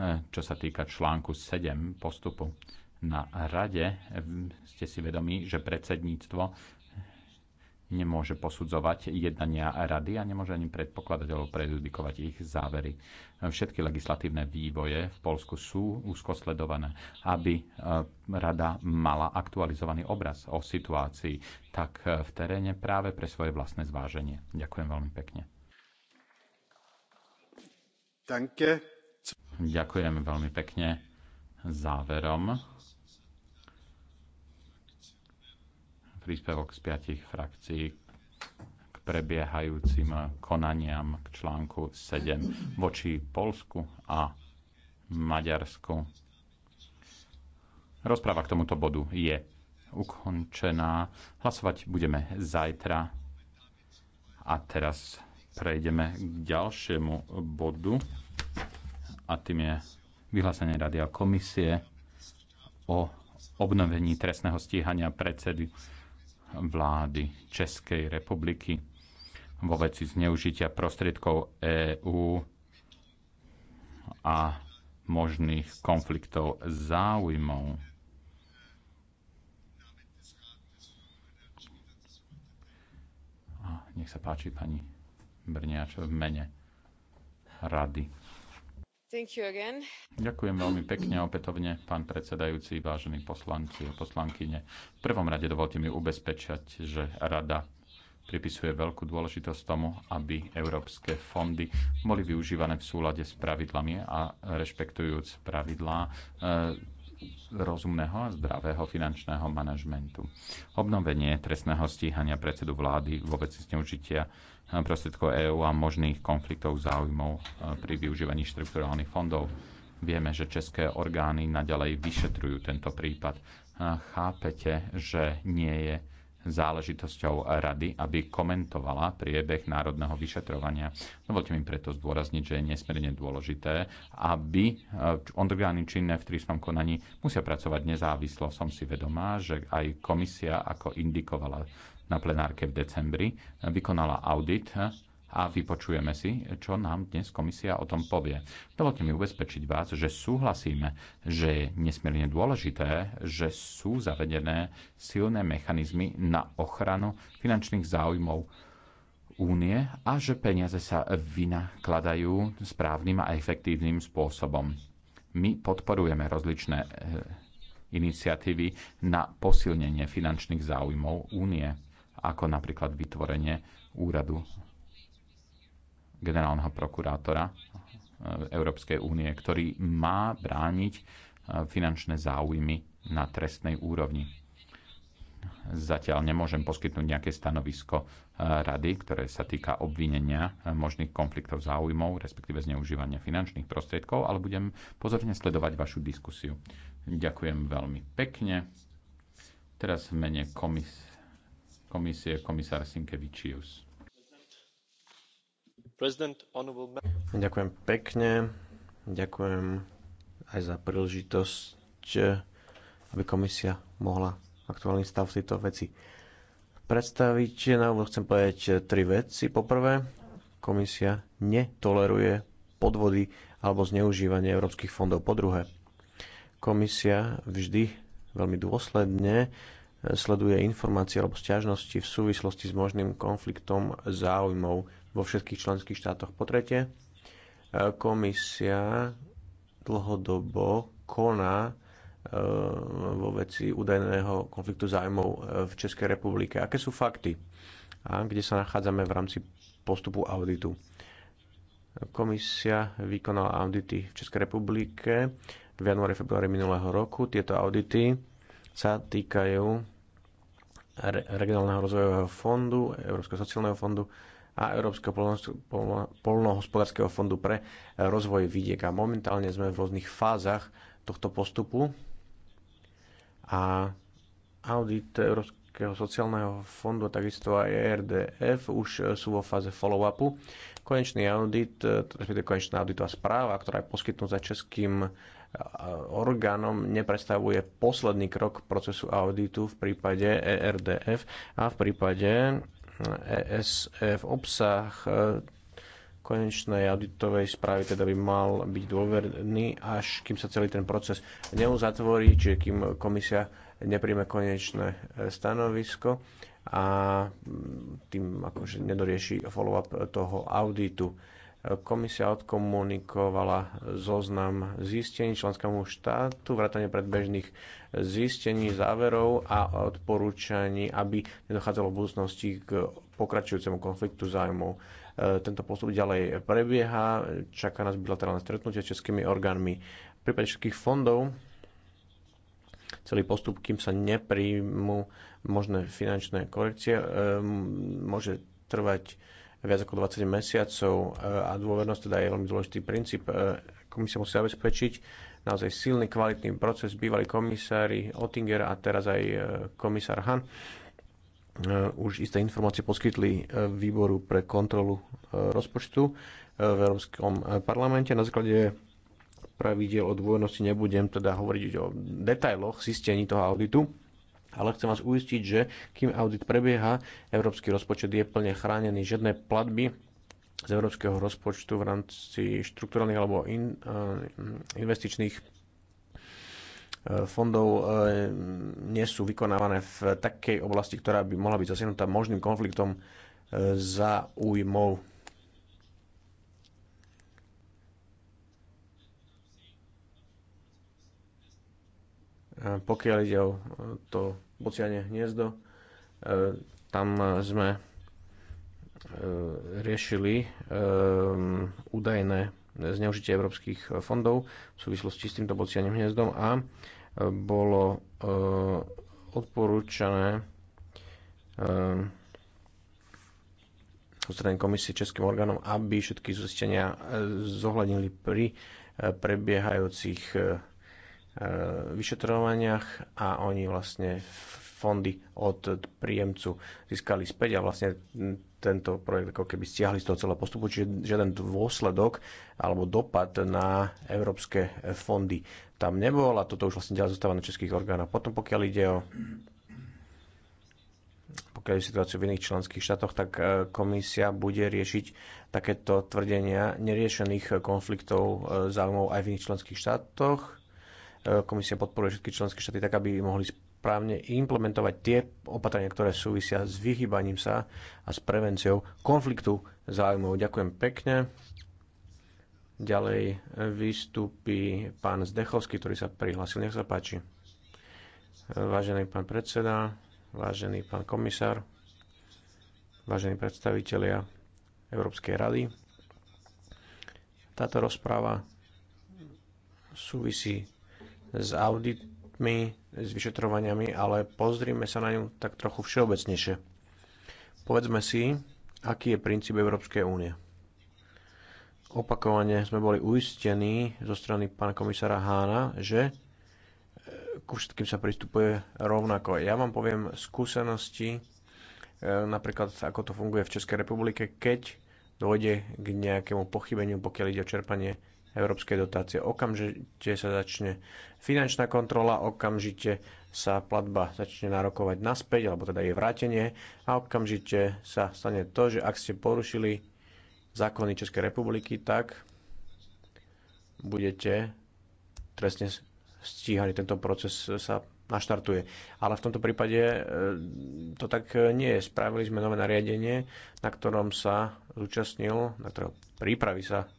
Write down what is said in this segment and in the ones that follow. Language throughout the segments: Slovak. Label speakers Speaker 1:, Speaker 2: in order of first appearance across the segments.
Speaker 1: E, čo sa týka článku 7 postupu. Na rade e, ste si vedomí, že predsedníctvo nemôže posudzovať jednania rady a nemôže ani predpokladať alebo prejudikovať ich závery. Všetky legislatívne vývoje v Polsku sú úzko sledované, aby e, rada mala aktualizovaný obraz o situácii tak v teréne práve pre svoje vlastné zváženie. Ďakujem veľmi pekne. Danke. Ďakujem veľmi pekne záverom. Príspevok z piatich frakcií k prebiehajúcim konaniam k článku 7 voči Polsku a Maďarsku. Rozpráva k tomuto bodu je ukončená. Hlasovať budeme zajtra. A teraz prejdeme k ďalšiemu bodu a tým je vyhlásenie Rady a komisie o obnovení trestného stíhania predsedy vlády Českej republiky vo veci zneužitia prostriedkov EÚ a možných konfliktov záujmov. nech sa páči pani Brniač v mene rady. Ďakujem veľmi pekne a opätovne, pán predsedajúci, vážení poslanci a poslankyne. V prvom rade dovolte mi ubezpečať, že Rada pripisuje veľkú dôležitosť tomu, aby európske fondy boli využívané v súlade s pravidlami a rešpektujúc pravidlá e, rozumného a zdravého finančného manažmentu. Obnovenie trestného stíhania predsedu vlády vo veci zneužitia prostriedkov EÚ a možných konfliktov záujmov e, pri využívaní štrukturálnych fondov. Vieme, že české orgány naďalej vyšetrujú tento prípad. Chápete, že nie je záležitosťou rady, aby komentovala priebeh národného vyšetrovania. Dovolte mi preto zdôrazniť, že je nesmierne dôležité, aby e, orgány činné v trísnom konaní musia pracovať nezávislo. Som si vedomá, že aj komisia, ako indikovala na plenárke v decembri, vykonala audit a vypočujeme si, čo nám dnes komisia o tom povie. Dovolte mi ubezpečiť vás, že súhlasíme, že je nesmierne dôležité, že sú zavedené silné mechanizmy na ochranu finančných záujmov únie a že peniaze sa vynakladajú správnym a efektívnym spôsobom. My podporujeme rozličné e, iniciatívy na posilnenie finančných záujmov únie, ako napríklad vytvorenie úradu generálneho prokurátora eh, Európskej únie, ktorý má brániť eh, finančné záujmy na trestnej úrovni. Zatiaľ nemôžem poskytnúť nejaké stanovisko eh, rady, ktoré sa týka obvinenia možných konfliktov záujmov, respektíve zneužívania finančných prostriedkov, ale budem pozorne sledovať vašu diskusiu. Ďakujem veľmi pekne. Teraz v mene komis- komisie komisár Sinkevičius.
Speaker 2: Ďakujem
Speaker 3: pekne. Ďakujem aj za príležitosť, aby komisia mohla aktuálny stav tejto veci predstaviť. Na úvod chcem povedať tri veci. Poprvé, komisia netoleruje podvody alebo zneužívanie európskych fondov. Po druhé, komisia vždy veľmi dôsledne sleduje informácie alebo stiažnosti v súvislosti s možným konfliktom záujmov vo všetkých členských štátoch. Po tretie, e, komisia dlhodobo koná e, vo veci údajného konfliktu záujmov e, v Českej republike. Aké sú fakty? A kde sa nachádzame v rámci postupu auditu? Komisia vykonala audity v Českej republike v januári, februári minulého roku. Tieto audity sa týkajú regionálneho rozvojového fondu, Európskeho sociálneho fondu a Európskeho polnohospodárskeho fondu pre rozvoj vidieka. momentálne sme v rôznych fázach tohto postupu a audit Európskeho sociálneho fondu, takisto aj e RDF už sú vo fáze follow-upu. Konečný audit, respektíve konečná auditová správa, ktorá je poskytnutá Českým orgánom nepredstavuje posledný krok procesu auditu v prípade ERDF a v prípade ESF obsah e, konečnej auditovej správy teda by mal byť dôverný, až kým sa celý ten proces neuzatvorí, čiže kým komisia nepríjme konečné e, stanovisko a tým akože nedorieši follow-up toho auditu. Komisia odkomunikovala zoznam zistení členskému štátu, vrátane predbežných zistení, záverov a odporúčaní, aby nedochádzalo v budúcnosti k pokračujúcemu konfliktu zájmov. E, tento postup ďalej prebieha, čaká nás bilaterálne stretnutie s českými orgánmi. V prípade všetkých fondov celý postup, kým sa nepríjmu možné finančné korekcie, e, môže trvať viac ako 20 mesiacov e, a dôvernosť teda je veľmi dôležitý princíp. E, komisia musí zabezpečiť naozaj silný, kvalitný proces. Bývalí komisári Ottinger a teraz aj e, komisár Han už isté informácie poskytli výboru pre kontrolu rozpočtu v Európskom parlamente. Na základe pravidel o dôvernosti nebudem teda hovoriť o detailoch zistení toho auditu, ale chcem vás uistiť, že kým audit prebieha, európsky rozpočet je plne chránený. Žiadne platby z európskeho rozpočtu v rámci štruktúrnych alebo in, eh, investičných eh, fondov eh, nie sú vykonávané v takej oblasti, ktorá by mohla byť zasiahnutá možným konfliktom záujmov. E, pokiaľ ide o e, to bociane hniezdo, e, tam sme riešili údajné zneužitie európskych fondov v súvislosti s týmto bocianím hniezdom a bolo odporúčané zo strany komisie českým orgánom, aby všetky zistenia zohľadnili pri prebiehajúcich E, vyšetrovaniach a oni vlastne fondy od príjemcu získali späť a vlastne tento projekt ako keby stiahli z toho celého postupu, čiže žiaden dôsledok alebo dopad na európske fondy tam nebol a toto už vlastne ďalej zostáva na českých orgánoch. Potom pokiaľ ide o pokiaľ je situáciu v iných členských štátoch, tak e, komisia bude riešiť takéto tvrdenia neriešených konfliktov e, záujmov aj v iných členských štátoch Komisia podporuje všetky členské štáty tak, aby mohli správne implementovať tie opatrenia, ktoré súvisia s vyhýbaním sa a s prevenciou konfliktu záujmov. Ďakujem pekne. Ďalej vystúpi pán Zdechovský, ktorý sa prihlásil. Nech sa páči. Vážený pán predseda, vážený pán komisár, vážení predstavitelia Európskej rady. Táto rozpráva súvisí s auditmi, s vyšetrovaniami, ale pozrime sa na ňu tak trochu všeobecnejšie. Povedzme si, aký je princíp Európskej únie. Opakovane sme boli uistení zo strany pána komisára Hána, že e, ku všetkým sa pristupuje rovnako. Ja vám poviem skúsenosti, e, napríklad ako to funguje v Českej republike, keď dôjde k nejakému pochybeniu, pokiaľ ide o čerpanie európskej dotácie. Okamžite sa začne finančná kontrola, okamžite sa platba začne narokovať naspäť, alebo teda je vrátenie a okamžite sa stane to, že ak ste porušili zákony Českej republiky, tak budete trestne stíhaní. Tento proces sa naštartuje. Ale v tomto prípade e, to tak nie je. Spravili sme nové nariadenie, na ktorom sa zúčastnil, na ktorého prípravy sa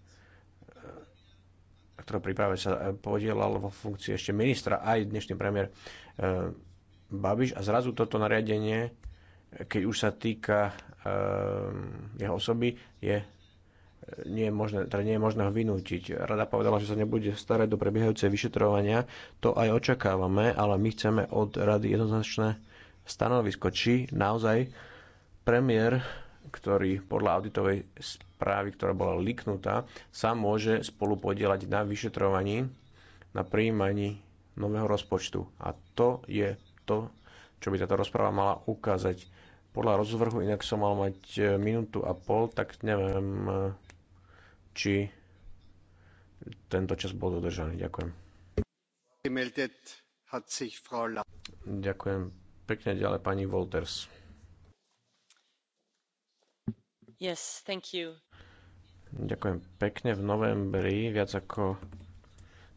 Speaker 3: ktorého príprave sa e, podielal vo funkcii ešte ministra, aj dnešný premiér e, Babiš. A zrazu toto nariadenie, e, keď už sa týka jeho osoby, je nie je, možné, teda nie je možné ho vynútiť. Rada povedala, že sa nebude starať do prebiehajúce vyšetrovania. To aj očakávame, ale my chceme od rady jednoznačné stanovisko, či naozaj premiér ktorý podľa auditovej správy, ktorá bola liknutá, sa môže spolupodielať na vyšetrovaní, na príjmaní nového rozpočtu. A to je to, čo by táto rozpráva mala ukázať. Podľa rozvrhu, inak som mal mať e, minútu a pol, tak neviem, e, či tento čas bol dodržaný. Ďakujem. Ďakujem pekne ďalej pani Wolters.
Speaker 2: Yes, thank you.
Speaker 3: Ďakujem pekne. V novembri viac ako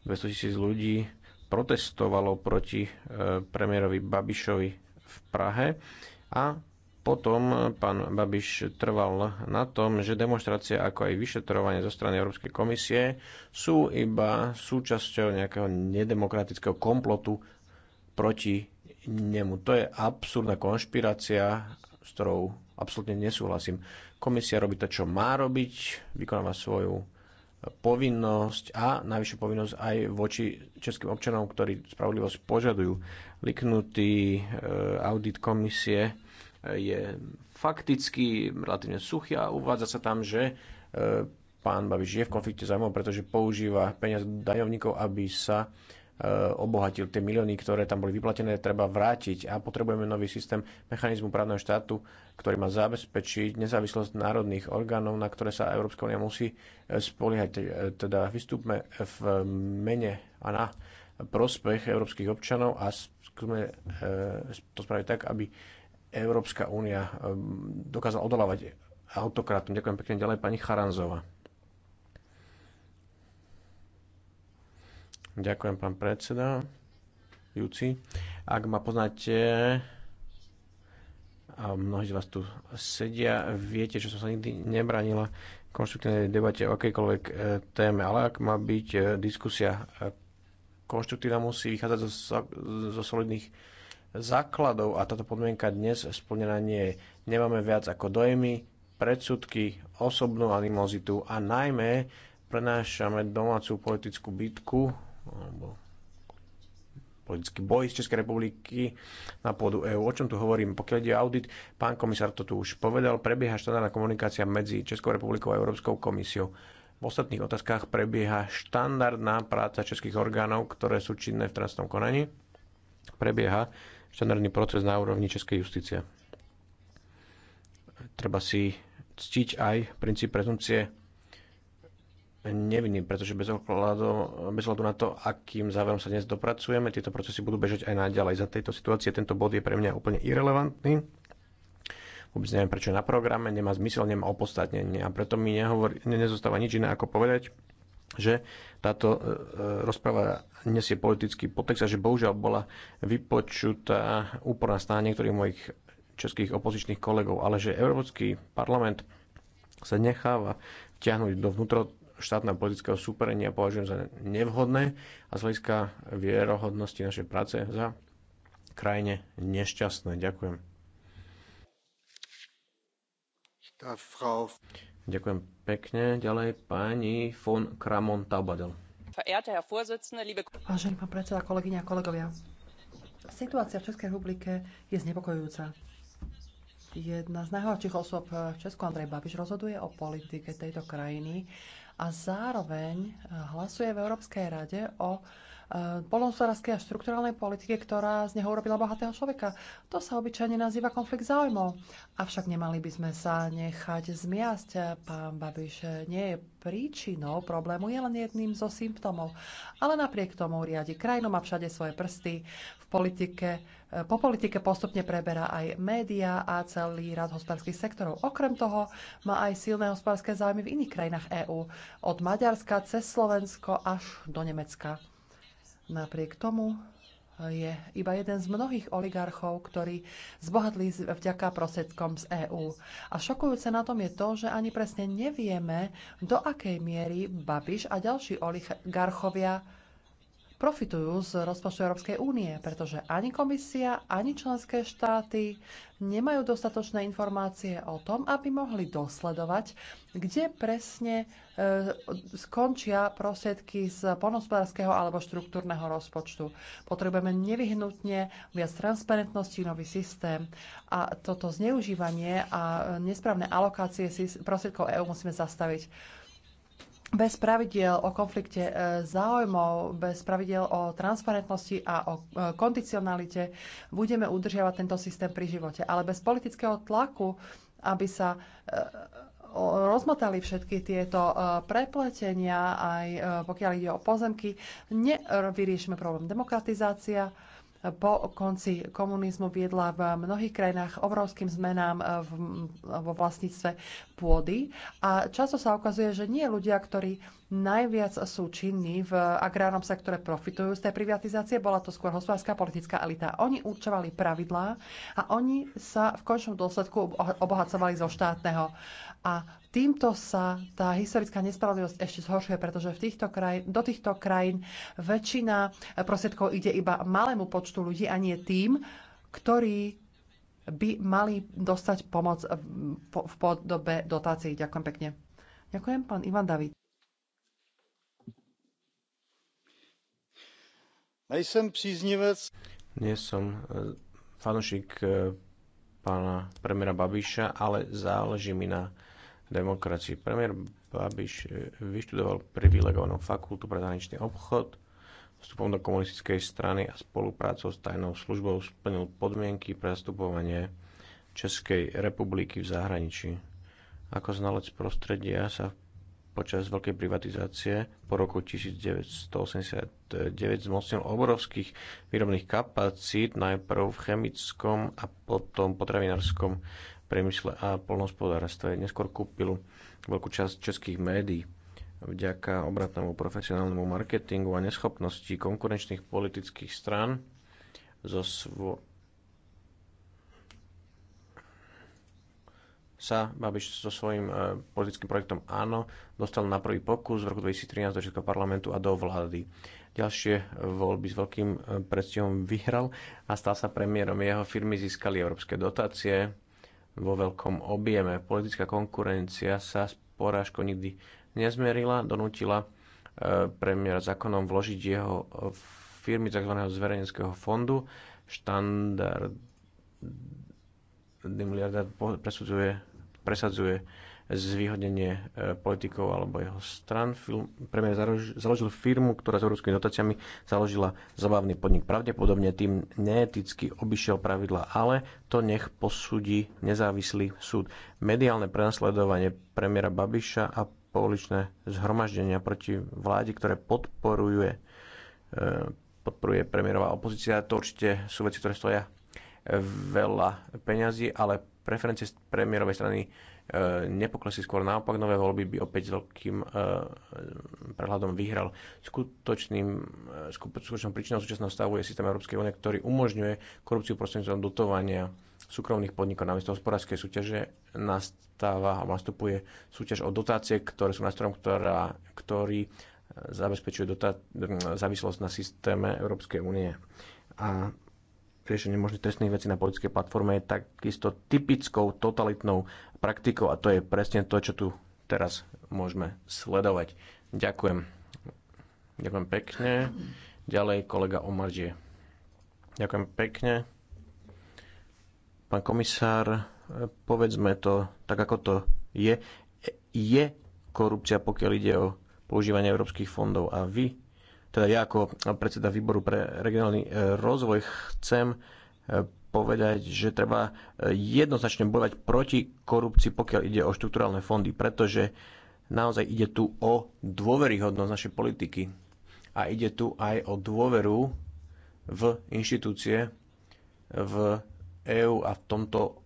Speaker 3: 200 tisíc ľudí protestovalo proti e, premiérovi Babišovi v Prahe a potom pán Babiš trval na tom, že demonstrácia ako aj vyšetrovanie zo strany Európskej komisie sú iba súčasťou nejakého nedemokratického komplotu proti nemu. To je absurdná konšpirácia, s ktorou absolútne nesúhlasím. Komisia robí to, čo má robiť, vykonáva svoju povinnosť a najvyššiu povinnosť aj voči českým občanom, ktorí spravodlivosť požadujú. Liknutý e, audit komisie e, je fakticky relatívne suchý a uvádza sa tam, že e, pán Babiš je v konflikte zájmov, pretože používa peniaze daňovníkov, aby sa Eh, obohatil. Tie milióny, ktoré tam boli vyplatené, treba vrátiť a potrebujeme nový systém mechanizmu právneho štátu, ktorý má zabezpečiť nezávislosť národných orgánov, na ktoré sa Európska únia musí eh, spoliehať. Eh, teda vystúpme v mene a na prospech európskych občanov a skúsme to spraviť tak, aby Európska únia dokázala odolávať autokratom. Ďakujem pekne ďalej pani Charanzová. Ďakujem, pán predseda. Júci, ak ma poznáte, a mnohí z vás tu sedia, viete, že som sa nikdy nebranila konštruktívnej debate o akejkoľvek e, téme, ale ak má byť e, diskusia e, konštruktívna, musí vychádzať zo, zo solidných základov a táto podmienka dnes splnená nie je. Nemáme viac ako dojmy, predsudky, osobnú animozitu a najmä prenášame domácu politickú bitku alebo politický boj z Českej republiky na pôdu EÚ. O čom tu hovorím? Pokiaľ ide audit, pán komisár to tu už povedal, prebieha štandardná komunikácia medzi Českou republikou a Európskou komisiou. V ostatných otázkach prebieha štandardná práca českých orgánov, ktoré sú činné v trestnom konaní. Prebieha štandardný proces na úrovni Českej justície. Treba si ctiť aj princíp prezumcie nevinný, pretože bez ohľadu, bez ohľadu na to, akým záverom sa dnes dopracujeme, tieto procesy budú bežať aj naďalej. Za tejto situácie tento bod je pre mňa úplne irrelevantný. Vôbec neviem, prečo je na programe, nemá zmysel, nemá opodstatnenie. A preto mi nehovor, ne, nezostáva nič iné, ako povedať, že táto e, e rozpráva nesie politický potext a že bohužiaľ bola vypočutá úporná snaha niektorých mojich českých opozičných kolegov, ale že Európsky parlament sa necháva vtiahnuť do vnútro štátna politická súperenia považujem za nevhodné a z hľadiska vierohodnosti našej práce za krajine nešťastné. Ďakujem. Ďakujem pekne. Ďalej pani von Kramon Taubadel.
Speaker 2: Vážený pán predseda, kolegyňa a kolegovia. Situácia v Českej republike je znepokojujúca jedna z najhorších osôb v Česku, Andrej Babiš, rozhoduje o politike tejto krajiny a zároveň hlasuje v Európskej rade o Eh, polnospodárskej a štrukturálnej politike, ktorá z neho urobila bohatého človeka. To sa obyčajne nazýva konflikt záujmov. Avšak nemali by sme sa nechať zmiasť. Pán Babiš nie je príčinou problému, je len jedným zo symptómov. Ale napriek tomu riadi krajinu, má všade svoje prsty. V politike, eh, po politike postupne preberá aj média a celý rad hospodárskych sektorov. Okrem toho má aj silné hospodárske záujmy v iných krajinách EÚ. Od Maďarska cez Slovensko až do Nemecka. Napriek tomu je iba jeden z mnohých oligarchov, ktorí zbohatli vďaka prosedkom z EÚ. A šokujúce na tom je to, že ani presne nevieme, do akej miery Babiš a ďalší oligarchovia profitujú z rozpočtu Európskej únie, pretože ani komisia, ani členské štáty nemajú dostatočné informácie o tom, aby mohli dosledovať, kde presne e, skončia prostriedky z ponospodárskeho alebo štruktúrneho rozpočtu. Potrebujeme nevyhnutne viac transparentnosti, nový systém a toto zneužívanie a nesprávne alokácie prostriedkov EÚ musíme zastaviť bez pravidiel o konflikte e, záujmov, bez pravidiel o transparentnosti a o e, kondicionalite budeme udržiavať tento systém pri živote. Ale bez politického tlaku, aby sa e, rozmotali všetky tieto prepletenia, aj pokiaľ ide o pozemky, nevyriešime problém demokratizácia po konci komunizmu viedla v mnohých krajinách obrovským zmenám v, vo vlastníctve pôdy. A často sa ukazuje, že nie ľudia, ktorí Najviac sú činní v agrárnom sektore profitujú z tej privatizácie. Bola to skôr hospodárska politická elita. Oni určovali pravidlá a oni sa v končnom dôsledku obohacovali zo štátneho. A týmto sa tá historická nespravodlivosť ešte zhoršuje, pretože v týchto kraj, do týchto krajín väčšina prostriedkov ide iba malému počtu ľudí a nie tým, ktorí by mali dostať pomoc v podobe dotácií. Ďakujem pekne. Ďakujem, pán Ivan David. Nie
Speaker 3: som eh, fanúšik eh, pána premiéra Babiša, ale záleží mi na demokracii. Premiér Babiš eh, vyštudoval privilegovanú fakultu pre zahraničný obchod, vstupom do komunistickej strany a spoluprácou s tajnou službou splnil podmienky pre zastupovanie Českej republiky v zahraničí. Ako znalec prostredia sa v počas veľkej privatizácie po roku 1989 zmocnil obrovských výrobných kapacít najprv v chemickom a potom potravinárskom priemysle a polnohospodárstve. Neskôr kúpil veľkú časť českých médií vďaka obratnému profesionálnemu marketingu a neschopnosti konkurenčných politických strán zo, svo- sa Babiš so svojím e, politickým projektom Áno dostal na prvý pokus v roku 2013 do Českého parlamentu a do vlády. Ďalšie e, voľby s veľkým e, predstihom vyhral a stal sa premiérom. Jeho firmy získali európske dotácie vo veľkom objeme. Politická konkurencia sa s porážkou nikdy nezmerila, donútila premiér zákonom vložiť jeho firmy tzv. zverejneckého fondu. Štandard presudzuje presadzuje zvýhodnenie e, politikov alebo jeho stran. Film, premiér založil firmu, ktorá s európskymi dotáciami založila zabavný podnik. Pravdepodobne tým neeticky obišiel pravidla, ale to nech posúdi nezávislý súd. Mediálne prenasledovanie premiéra Babiša a pouličné zhromaždenia proti vláde, ktoré podporuje, e, podporuje premiérová opozícia, to určite sú veci, ktoré stoja veľa peňazí, ale preferencie premiérovej strany e, nepoklesli, skôr naopak nové voľby by opäť s veľkým e, prehľadom vyhral. Skutočným, e, skutočnou príčinou súčasného stavu je systém Európskej únie, ktorý umožňuje korupciu prostredníctvom dotovania súkromných podnikov. Namiesto hospodárskej súťaže nastáva a nastupuje súťaž o dotácie, ktoré sú nástrojom, ktorá, ktorý zabezpečuje dotá- závislosť na systéme Európskej únie. A riešenie možných trestných vecí na politickej platforme je takisto typickou totalitnou praktikou a to je presne to, čo tu teraz môžeme sledovať. Ďakujem. Ďakujem pekne. Ďalej kolega Omaržie. Ďakujem pekne. Pán komisár, povedzme to tak, ako to je. Je korupcia, pokiaľ ide o používanie európskych fondov a vy teda ja ako predseda výboru pre regionálny e, rozvoj chcem e, povedať, že treba e, jednoznačne bojovať proti korupcii, pokiaľ ide o štruktúrálne fondy, pretože naozaj ide tu o dôveryhodnosť našej politiky a ide tu aj o dôveru v inštitúcie, v EÚ a v tomto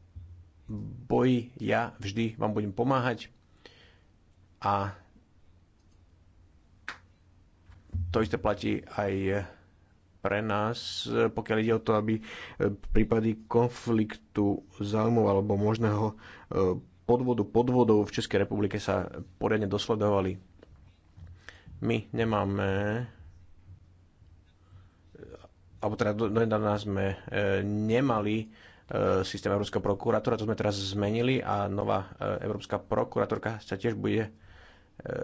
Speaker 3: boji ja vždy vám budem pomáhať a to isté platí aj pre nás, pokiaľ ide o to, aby e, prípady konfliktu záujmov alebo možného e, podvodu podvodov v Českej republike sa poriadne dosledovali. My nemáme e, alebo teda donedávna sme e, nemali e, systém Európskeho prokurátora, to sme teraz zmenili a nová e, Európska prokurátorka sa tiež bude e, E,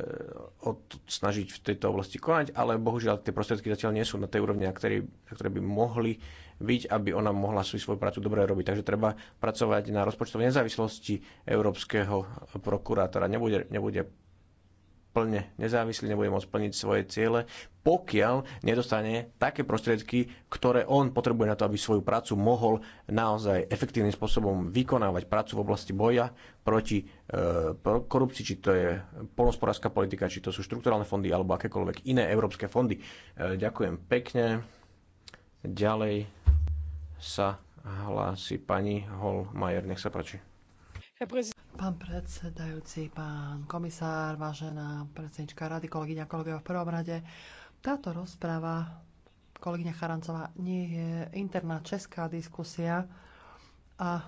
Speaker 3: od, snažiť v tejto oblasti konať, ale bohužiaľ tie prostriedky zatiaľ nie sú na tej úrovni, na, na ktoré by mohli byť, aby ona mohla si svoju prácu dobre robiť. Takže treba pracovať na rozpočtovej nezávislosti európskeho prokurátora. Nebude, nebude plne nezávislý, nebude môcť plniť svoje ciele, pokiaľ nedostane také prostriedky, ktoré on potrebuje na to, aby svoju prácu mohol naozaj efektívnym spôsobom vykonávať prácu v oblasti boja proti e, korupcii, či to je polnospodárska politika, či to sú štrukturálne fondy alebo akékoľvek iné európske fondy. E, ďakujem pekne. Ďalej sa hlási pani Holmajer. Nech sa páči.
Speaker 2: Pán predsedajúci, pán komisár, vážená predsednička rady, kolegyňa, kolegovia v prvom rade, táto rozpráva, kolegyňa Charancová, nie je interná česká diskusia a,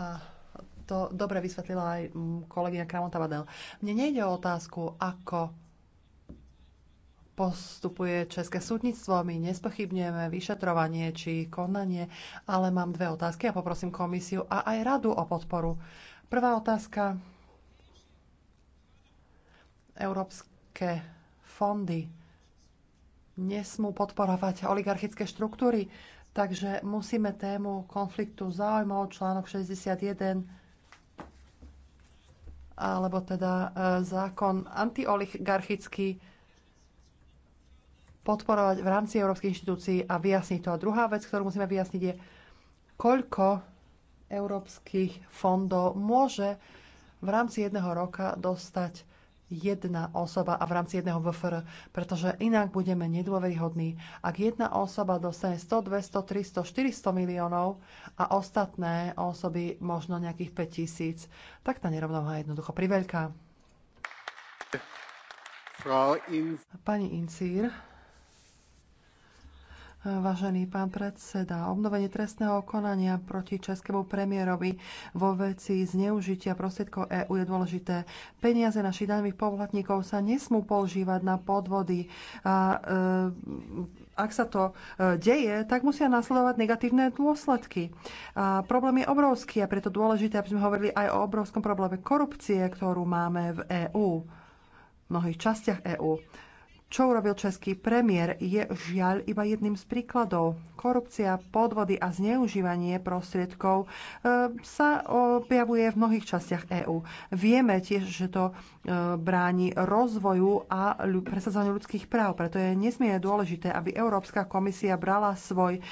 Speaker 2: a to dobre vysvetlila aj kolegyňa Kramontavadel. Mne nejde o otázku, ako postupuje české súdnictvo. My nespochybňujeme vyšetrovanie či konanie, ale mám dve otázky a poprosím komisiu a aj radu o podporu. Prvá otázka. Európske fondy nesmú podporovať oligarchické štruktúry, takže musíme tému konfliktu záujmov, článok 61 alebo teda e, zákon antioligarchický podporovať v rámci európskych inštitúcií a vyjasniť to. A druhá vec, ktorú musíme vyjasniť, je, koľko európskych fondov môže v rámci jedného roka dostať jedna osoba a v rámci jedného VFR, pretože inak budeme nedôveryhodní. Ak jedna osoba dostane 100, 200, 300, 400 miliónov a ostatné osoby možno nejakých 5 tisíc, tak tá nerovnováha je jednoducho priveľká. Pani Incír. Vážený pán predseda, obnovenie trestného konania proti českému premiérovi vo veci zneužitia prostriedkov EÚ je dôležité. Peniaze našich daňových poplatníkov sa nesmú používať na podvody. A, e, ak sa to e, deje, tak musia nasledovať negatívne dôsledky. A problém je obrovský a preto dôležité, aby sme hovorili aj o obrovskom probléme korupcie, ktorú máme v EÚ, v mnohých častiach EÚ. Čo urobil český premiér je žiaľ iba jedným z príkladov. Korupcia, podvody a zneužívanie prostriedkov e, sa objavuje v mnohých častiach EÚ. Vieme tiež, že to bráni rozvoju a presadzovaniu ľudských práv. Preto je nesmierne dôležité, aby Európska komisia brala svoj, e,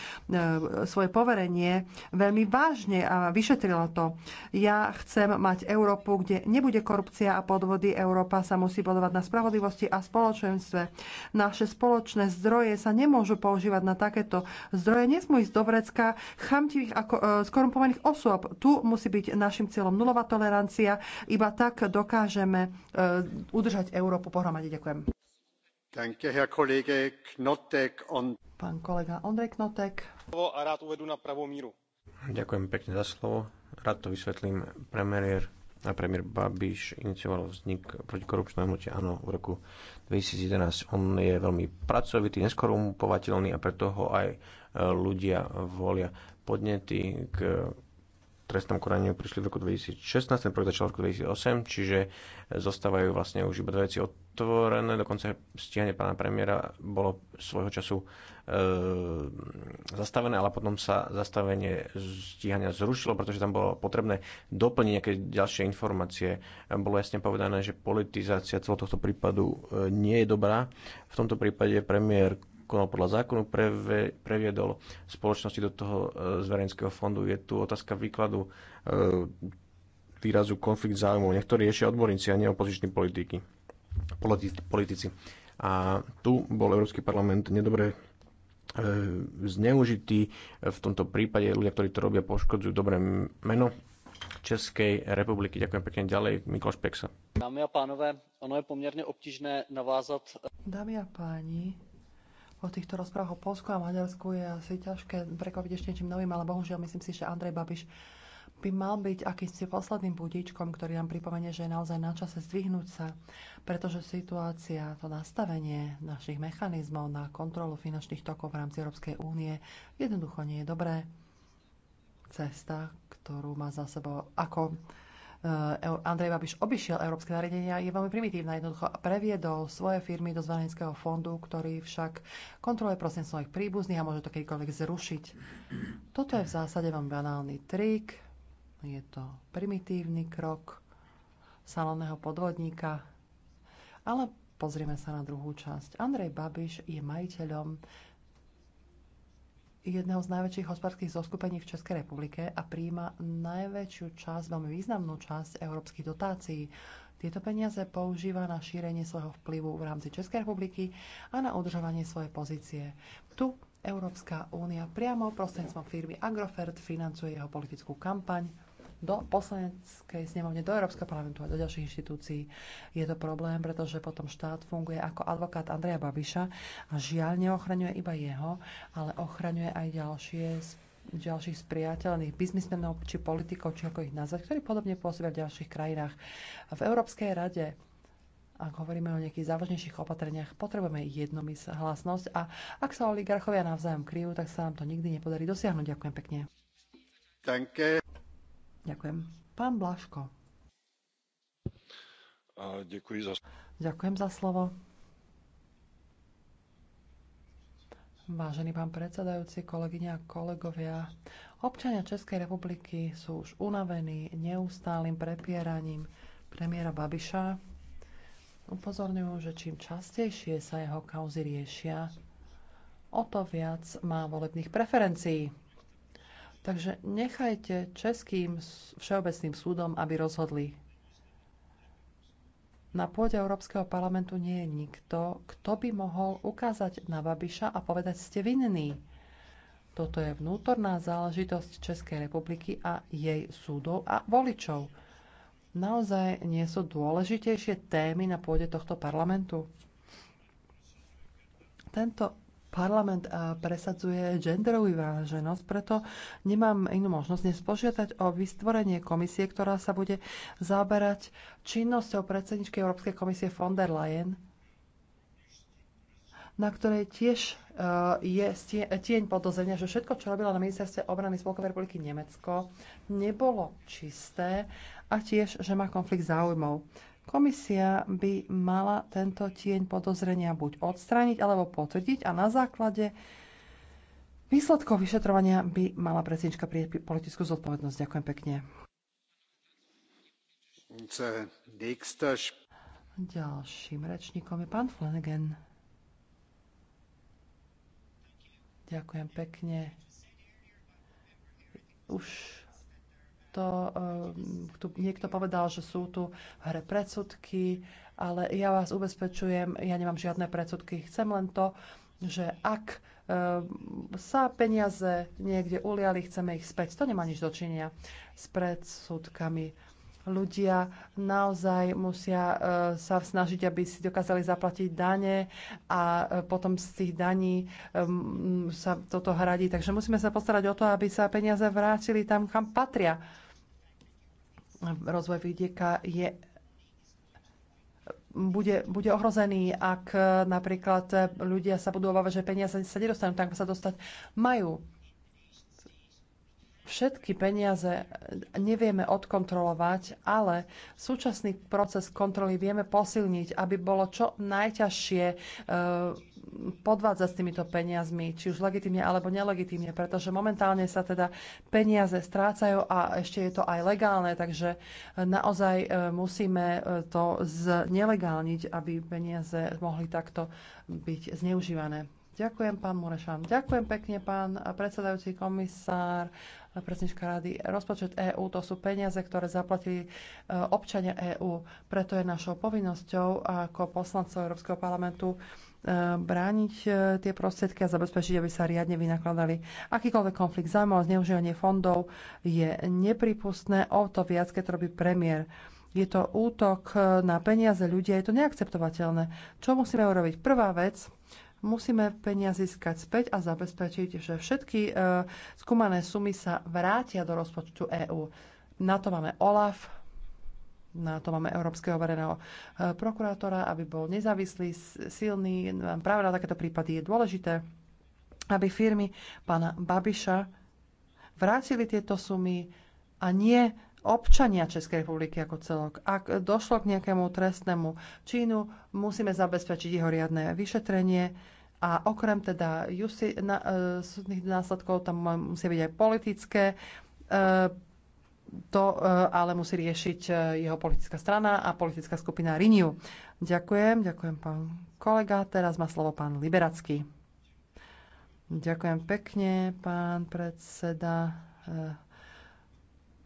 Speaker 2: svoje poverenie veľmi vážne a vyšetrila to. Ja chcem mať Európu, kde nebude korupcia a podvody. Európa sa musí bodovať na spravodlivosti a spoločenstve. Naše spoločné zdroje sa nemôžu používať na takéto zdroje. Nesmú ísť do vrecka chamtivých a e, skorumpovaných osôb. Tu musí byť našim cieľom nulová tolerancia. Iba tak dokážeme E, udržať Európu pohromade. Ďakujem. Pán kolega Ondrej Knotek. A rád na pravú míru.
Speaker 3: Ďakujem pekne za slovo. Rád to vysvetlím. Premiér a premiér Babiš inicioval vznik protikorupčného hnutia áno v roku 2011. On je veľmi pracovitý, neskorumpovateľný a preto ho aj e, ľudia volia podnety k trestnom konaní prišli v roku 2016, ten projekt začal v roku 2008, čiže zostávajú vlastne už iba dve veci otvorené, dokonca stíhanie pána premiéra bolo svojho času e, zastavené, ale potom sa zastavenie stíhania zrušilo, pretože tam bolo potrebné doplniť nejaké ďalšie informácie. Bolo jasne povedané, že politizácia celého tohto prípadu e, nie je dobrá. V tomto prípade premiér konal podľa zákonu, preve, previedol spoločnosti do toho e, zverejnického fondu. Je tu otázka výkladu e, výrazu konflikt záujmov. Niektorí riešia odborníci a nie opoziční politiky, politici. A tu bol Európsky parlament nedobre e, zneužitý. V tomto prípade ľudia, ktorí to robia, poškodzujú dobré meno Českej republiky. Ďakujem pekne ďalej. Mikloš Peksa.
Speaker 2: Dámy a pánové, ono je pomerne obtížné navázať... Dámy a páni, po týchto rozprávach o Polsku a Maďarsku je asi ťažké prekvapiť ešte niečím novým, ale bohužiaľ myslím si, že Andrej Babiš by mal byť akýmsi posledným budíčkom, ktorý nám pripomenie, že je naozaj na čase zdvihnúť sa, pretože situácia, to nastavenie našich mechanizmov na kontrolu finančných tokov v rámci Európskej únie jednoducho nie je dobré. Cesta, ktorú má za sebou ako Eh, Andrej Babiš obišiel európske nariadenia, je veľmi primitívna. Jednoducho previedol svoje firmy do zvaneckého fondu, ktorý však kontroluje prosím svojich príbuzných a môže to kedykoľvek zrušiť. Toto je v zásade vám banálny trik, je to primitívny krok salónneho podvodníka, ale pozrieme sa na druhú časť. Andrej Babiš je majiteľom jedného z najväčších hospodárskych zoskupení v Českej republike a príjima najväčšiu časť, veľmi významnú časť európskych dotácií. Tieto peniaze používa na šírenie svojho vplyvu v rámci Českej republiky a na udržovanie svojej pozície. Tu Európska únia priamo prostredníctvom firmy Agrofert financuje jeho politickú kampaň do poslaneckej snemovne, do Európskeho parlamentu a do ďalších inštitúcií. Je to problém, pretože potom štát funguje ako advokát Andreja Babiša a žiaľ neochraňuje iba jeho, ale ochraňuje aj ďalšie ďalších spriateľných biznismenov či politikov, či ako ich nazvať, ktorí podobne pôsobia v ďalších krajinách. V Európskej rade ak hovoríme o nejakých závažnejších opatreniach, potrebujeme jednomyslnosť a ak sa oligarchovia navzájom kryjú, tak sa nám to nikdy nepodarí dosiahnuť. Ďakujem pekne. Ďakujem. Ďakujem. Pán Blaško.
Speaker 3: A ďakujem za...
Speaker 2: Ďakujem za slovo. Vážený pán predsedajúci, kolegyne a kolegovia, občania Českej republiky sú už unavení neustálým prepieraním premiéra Babiša. Upozorňujú, že čím častejšie sa jeho kauzy riešia, o to viac má volebných preferencií. Takže nechajte českým všeobecným súdom, aby rozhodli. Na pôde Európskeho parlamentu nie je nikto, kto by mohol ukázať na Babiša a povedať, ste vinní. Toto je vnútorná záležitosť Českej republiky a jej súdov a voličov. Naozaj nie sú dôležitejšie témy na pôde tohto parlamentu. Tento parlament eh, presadzuje genderovú vyváženosť, preto nemám inú možnosť dnes požiadať o vystvorenie komisie, ktorá sa bude zaoberať činnosťou predsedničky Európskej komisie von der Leyen, na ktorej tiež eh, je tieň podozrenia, že všetko, čo robila na ministerstve obrany Spolkovej republiky Nemecko, nebolo čisté a tiež, že má konflikt záujmov. Komisia by mala tento tieň podozrenia buď odstrániť alebo potvrdiť a na základe výsledkov vyšetrovania by mala predsednička prijať politickú zodpovednosť. Ďakujem pekne. Ďalším rečníkom je pán Flanagan. Ďakujem pekne. Už to eh, tu niekto povedal, že sú tu v hre predsudky, ale ja vás ubezpečujem, ja nemám žiadne predsudky. Chcem len to, že ak eh, sa peniaze niekde uliali, chceme ich späť. To nemá nič dočinia s predsudkami ľudia naozaj musia e, sa snažiť, aby si dokázali zaplatiť dane a e, potom z tých daní e, sa toto hradí. Takže musíme sa postarať o to, aby sa peniaze vrátili tam, kam patria. Rozvoj vidieka je bude, bude ohrozený, ak napríklad ľudia sa budú obávať, že peniaze sa nedostanú tam, sa dostať majú všetky peniaze nevieme odkontrolovať, ale súčasný proces kontroly vieme posilniť, aby bolo čo najťažšie e, podvádzať s týmito peniazmi, či už legitimne alebo nelegitimne, pretože momentálne sa teda peniaze strácajú a ešte je to aj legálne, takže naozaj e, musíme e, to znelegálniť, aby peniaze mohli takto byť zneužívané. Ďakujem, pán Murešan. Ďakujem pekne, pán predsedajúci komisár predsednička rady. Rozpočet EÚ to sú peniaze, ktoré zaplatili e, občania EÚ. Preto je našou povinnosťou ako poslancov Európskeho parlamentu e, brániť e, tie prostriedky a zabezpečiť, aby sa riadne vynakladali. Akýkoľvek konflikt zájmov a zneužívanie fondov je nepripustné, o to viac, keď robí premiér. Je to útok na peniaze ľudia, je to neakceptovateľné. Čo musíme urobiť? Prvá vec, musíme peniaze získať späť a zabezpečiť, že všetky e, skúmané sumy sa vrátia do rozpočtu EÚ. Na to máme OLAF, na to máme Európskeho verejného e, prokurátora, aby bol nezávislý, silný. Práve na takéto prípady je dôležité, aby firmy pána Babiša vrátili tieto sumy a nie občania Českej republiky ako celok. Ak došlo k nejakému trestnému činu, musíme zabezpečiť jeho riadne vyšetrenie a okrem teda justi- na, e, súdnych následkov tam musí byť aj politické. E, to e, ale musí riešiť e, jeho politická strana a politická skupina Riniu. Ďakujem, ďakujem pán kolega. Teraz má slovo pán Liberacký. Ďakujem pekne, pán predseda. E,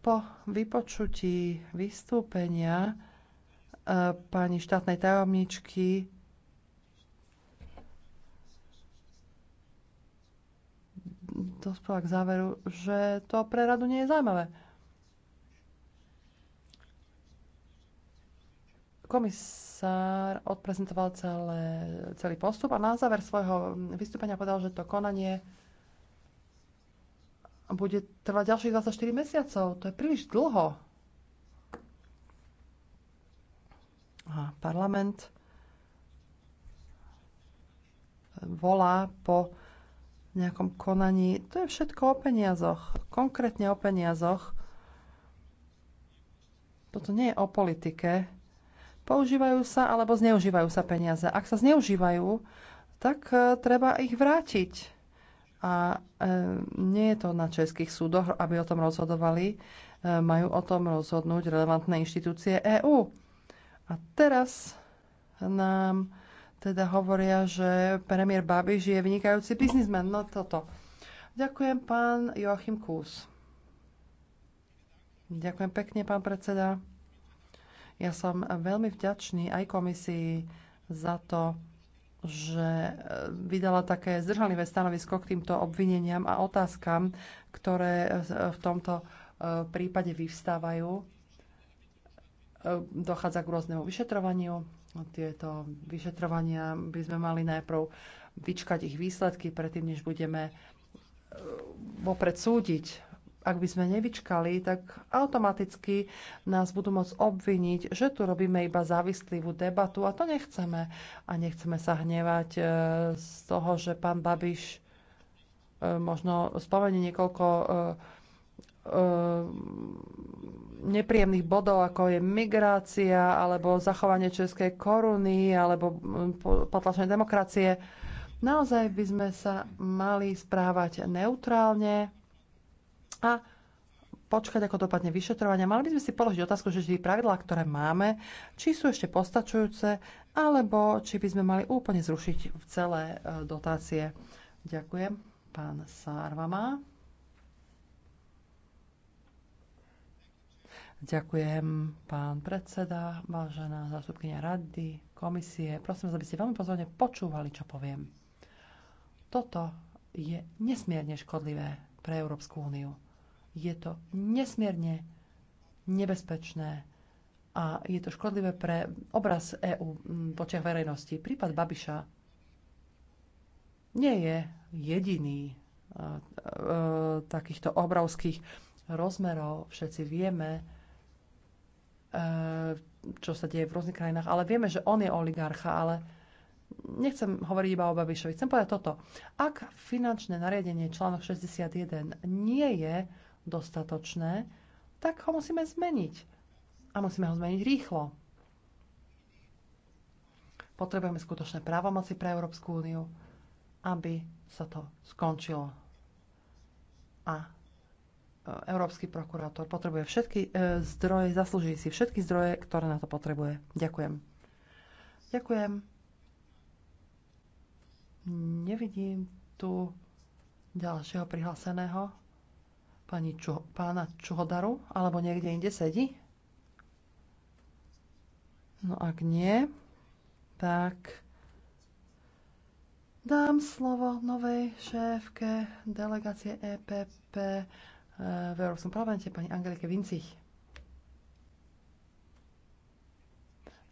Speaker 2: po vypočutí vystúpenia e, pani štátnej tajomničky dospela k záveru, že to pre radu nie je zaujímavé. Komisár odprezentoval celé, celý postup a na záver svojho vystúpenia povedal, že to konanie bude trvať ďalších 24 mesiacov. To je príliš dlho. A parlament volá po nejakom konaní. To je všetko o peniazoch. Konkrétne o peniazoch. Toto nie je o politike. Používajú sa alebo zneužívajú sa peniaze. Ak sa zneužívajú, tak eh, treba ich vrátiť a e, nie je to na českých súdoch, aby o tom rozhodovali. E, majú o tom rozhodnúť relevantné inštitúcie EÚ. A teraz nám teda hovoria, že premiér Babiš je vynikajúci biznismen. No toto. Ďakujem, pán Joachim Kús. Ďakujem pekne, pán predseda. Ja som veľmi vďačný aj komisii za to, že e, vydala také zdržanlivé stanovisko k týmto obvineniam a otázkam, ktoré e, e, v tomto prípade vyvstávajú. Dochádza k rôznemu vyšetrovaniu. Tieto vyšetrovania by sme mali najprv vyčkať ich výsledky, predtým, než budeme vopred súdiť ak by sme nevyčkali, tak automaticky nás budú môcť obviniť, že tu robíme iba závislivú debatu a to nechceme. A nechceme sa hnevať e, z toho, že pán Babiš e, možno spomenie niekoľko e, nepríjemných bodov, ako je migrácia, alebo zachovanie českej koruny, alebo potlačenie demokracie. Naozaj by sme sa mali správať neutrálne, a počkať, ako dopadne vyšetrovanie. Mali by sme si položiť otázku, že či pravidlá, ktoré máme, či sú ešte postačujúce, alebo či by sme mali úplne zrušiť celé e, dotácie. Ďakujem. Pán má. Ďakujem, pán predseda, vážená zástupkynia rady, komisie. Prosím vás, aby ste veľmi pozorne počúvali, čo poviem. Toto je nesmierne škodlivé pre Európsku úniu. Je to nesmierne nebezpečné a je to škodlivé pre obraz EÚ v očiach verejnosti. Prípad Babiša nie je jediný e, e, takýchto obrovských rozmerov. Všetci vieme, e, čo sa deje v rôznych krajinách, ale vieme, že on je oligarcha, ale nechcem hovoriť iba o Babišovi. Chcem povedať toto. Ak finančné nariadenie článok 61 nie je dostatočné, tak ho musíme zmeniť. A musíme ho zmeniť rýchlo. Potrebujeme skutočné právomoci pre Európsku úniu, aby sa to skončilo. A e, Európsky prokurátor potrebuje všetky e, zdroje, zaslúži si všetky zdroje, ktoré na to potrebuje. Ďakujem. Ďakujem. Nevidím tu ďalšieho prihláseného pani Čo, pána Čuhodaru, alebo niekde inde sedí? No ak nie, tak dám slovo novej šéfke delegácie EPP eh, v Európskom parlamente, pani Angelike Vincich.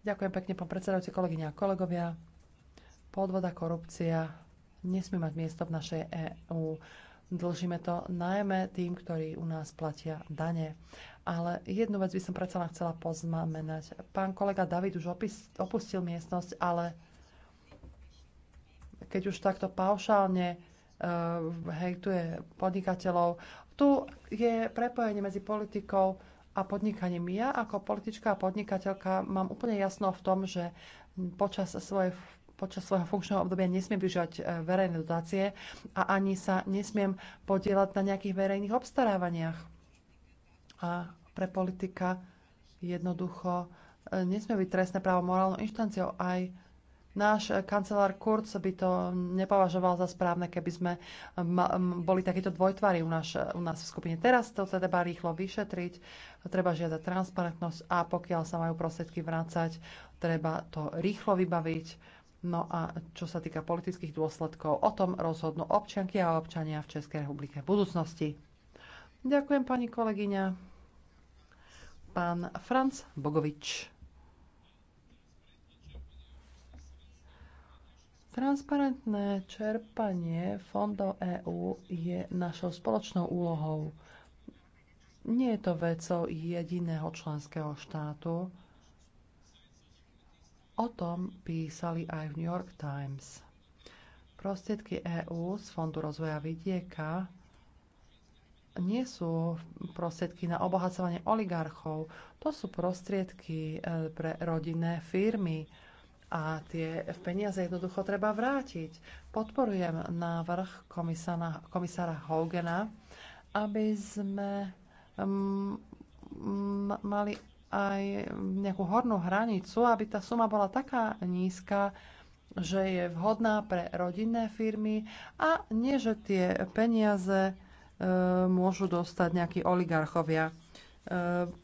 Speaker 2: Ďakujem pekne, pán predsedajúci, kolegyňa a kolegovia. Podvoda, korupcia nesmie mať miesto v našej EÚ. Dlžíme to najmä tým, ktorí u nás platia dane. Ale jednu vec by som predsa len chcela poznamenať. Pán kolega David už opustil miestnosť, ale keď už takto paušálne uh, hejtuje podnikateľov, tu je prepojenie medzi politikou a podnikaním. Ja ako politička a podnikateľka mám úplne jasno v tom, že počas svojej počas svojho funkčného obdobia nesmiem využívať e, verejné dotácie a ani sa nesmiem podielať na nejakých verejných obstarávaniach. A pre politika jednoducho e, nesmie byť trestné právo morálnou inštanciou. Aj náš kancelár Kurz by to nepovažoval za správne, keby sme e, boli takéto dvojtvary u nás, u nás v skupine. Teraz to treba rýchlo vyšetriť, treba žiadať transparentnosť a pokiaľ sa majú prostriedky vrácať, treba to rýchlo vybaviť No a čo sa týka politických dôsledkov, o tom rozhodnú občianky a občania v Českej republike v budúcnosti. Ďakujem pani kolegyňa. Pán Franc Bogovič. Transparentné čerpanie fondov EÚ je našou spoločnou úlohou. Nie je to vecou jediného členského štátu, O tom písali aj v New York Times. Prostriedky EÚ z Fondu rozvoja vidieka nie sú prostriedky na obohacovanie oligarchov. To sú prostriedky e, pre rodinné firmy a tie peniaze jednoducho treba vrátiť. Podporujem návrh komisára, komisára Hogena, aby sme mm, mali aj nejakú hornú hranicu, aby tá suma bola taká nízka, že je vhodná pre rodinné firmy a nie, že tie peniaze e, môžu dostať nejakí oligarchovia. E,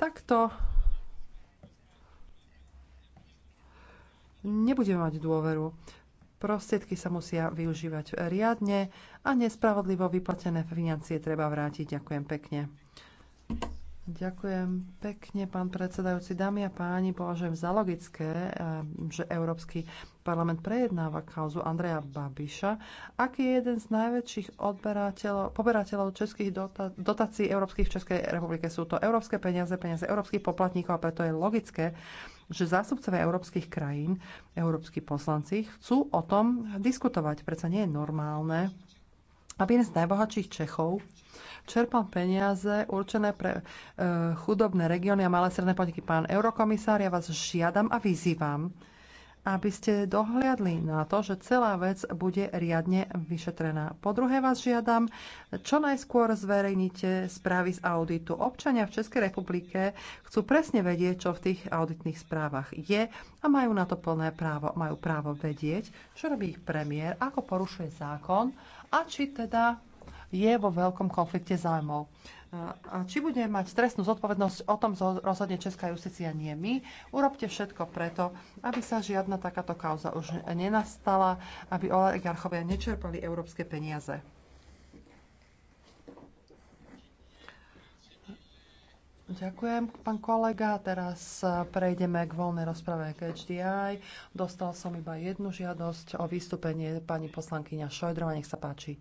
Speaker 2: takto nebudeme mať dôveru. Prostriedky sa musia využívať riadne a nespravodlivo vyplatené financie treba vrátiť. Ďakujem pekne. Ďakujem pekne, pán predsedajúci. Dámy a páni, považujem za logické, eh, že Európsky parlament prejednáva kauzu Andreja Babiša, aký je jeden z najväčších odberateľov, poberateľov českých dotá- dotácií európskych v Českej republike. Sú to európske peniaze, peniaze európskych poplatníkov a preto je logické, že zástupcovia európskych krajín, európsky poslanci chcú o tom diskutovať. Preto nie je normálne, aby jeden z najbohatších Čechov čerpal peniaze určené pre e, chudobné regióny a malé stredné podniky. Pán eurokomisár, ja vás žiadam a vyzývam, aby ste dohliadli na to, že celá vec bude riadne vyšetrená. Po druhé vás žiadam, čo najskôr zverejnite správy z auditu. Občania v Českej republike chcú presne vedieť, čo v tých auditných správach je a majú na to plné právo. Majú právo vedieť, čo robí ich premiér, ako porušuje zákon a či teda je vo veľkom konflikte zájmov. A Či bude mať trestnú zodpovednosť, o tom rozhodne Česká justícia nie my. Urobte všetko preto, aby sa žiadna takáto kauza už nenastala, aby oligarchovia nečerpali európske peniaze. Ďakujem, pán kolega. Teraz e, prejdeme k voľnej rozprave k HDI. Dostal som iba jednu žiadosť o vystúpenie pani poslankyňa Šojdrova. Nech sa páči.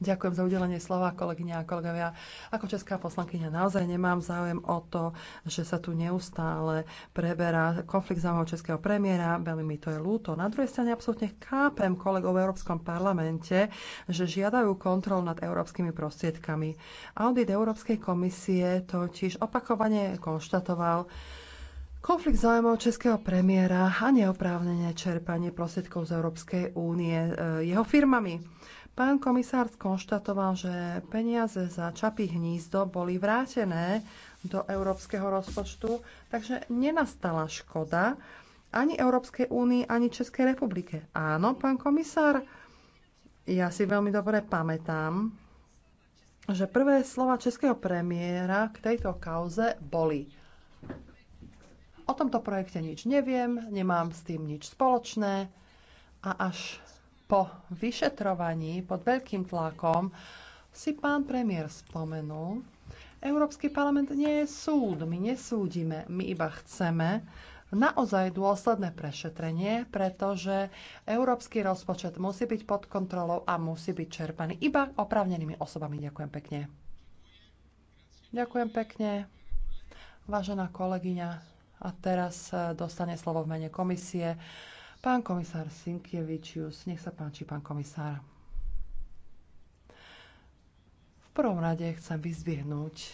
Speaker 2: Ďakujem za udelenie slova, kolegyňa a kolegovia. Ako česká poslankyňa naozaj nemám záujem o to, že sa tu neustále preberá konflikt záujmov českého premiéra. Veľmi mi to je lúto. Na druhej strane absolútne kápem kolegov v Európskom parlamente, že žiadajú kontrol nad európskymi prostriedkami. Audit Európskej komisie totiž opakovane konštatoval, Konflikt zájmov českého premiéra a neoprávnené čerpanie prostriedkov z Európskej únie e, jeho firmami. Pán komisár skonštatoval, že peniaze za čapy hnízdo boli vrátené do európskeho rozpočtu, takže nenastala škoda ani Európskej únii, ani Českej republike. Áno, pán komisár, ja si veľmi dobre pamätám, že prvé slova českého premiéra k tejto kauze boli O tomto projekte nič neviem, nemám s tým nič spoločné a až po vyšetrovaní pod veľkým tlakom si pán premiér spomenul, Európsky parlament nie je súd, my nesúdime, my iba chceme naozaj dôsledné prešetrenie, pretože európsky rozpočet musí byť pod kontrolou a musí byť čerpaný iba oprávnenými osobami. Ďakujem pekne. Ďakujem pekne, vážená kolegyňa. A teraz eh, dostane slovo v mene komisie Pán komisár Sinkievičius, nech sa páči, pán komisár. V prvom rade chcem vyzvihnúť,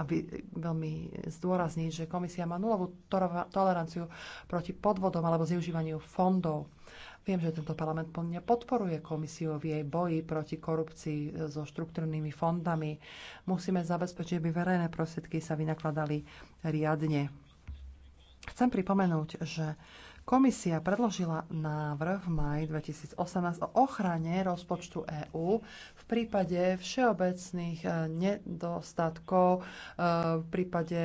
Speaker 2: aby veľmi zdôrazniť, že komisia má nulovú toleranciu proti podvodom alebo zneužívaniu fondov. Viem, že tento parlament plne podporuje komisiu v jej boji proti korupcii so štruktúrnymi fondami. Musíme zabezpečiť, aby verejné prostriedky sa vynakladali riadne. Chcem pripomenúť, že Komisia predložila návrh v maji 2018 o ochrane rozpočtu EÚ v prípade všeobecných eh, nedostatkov, eh, v prípade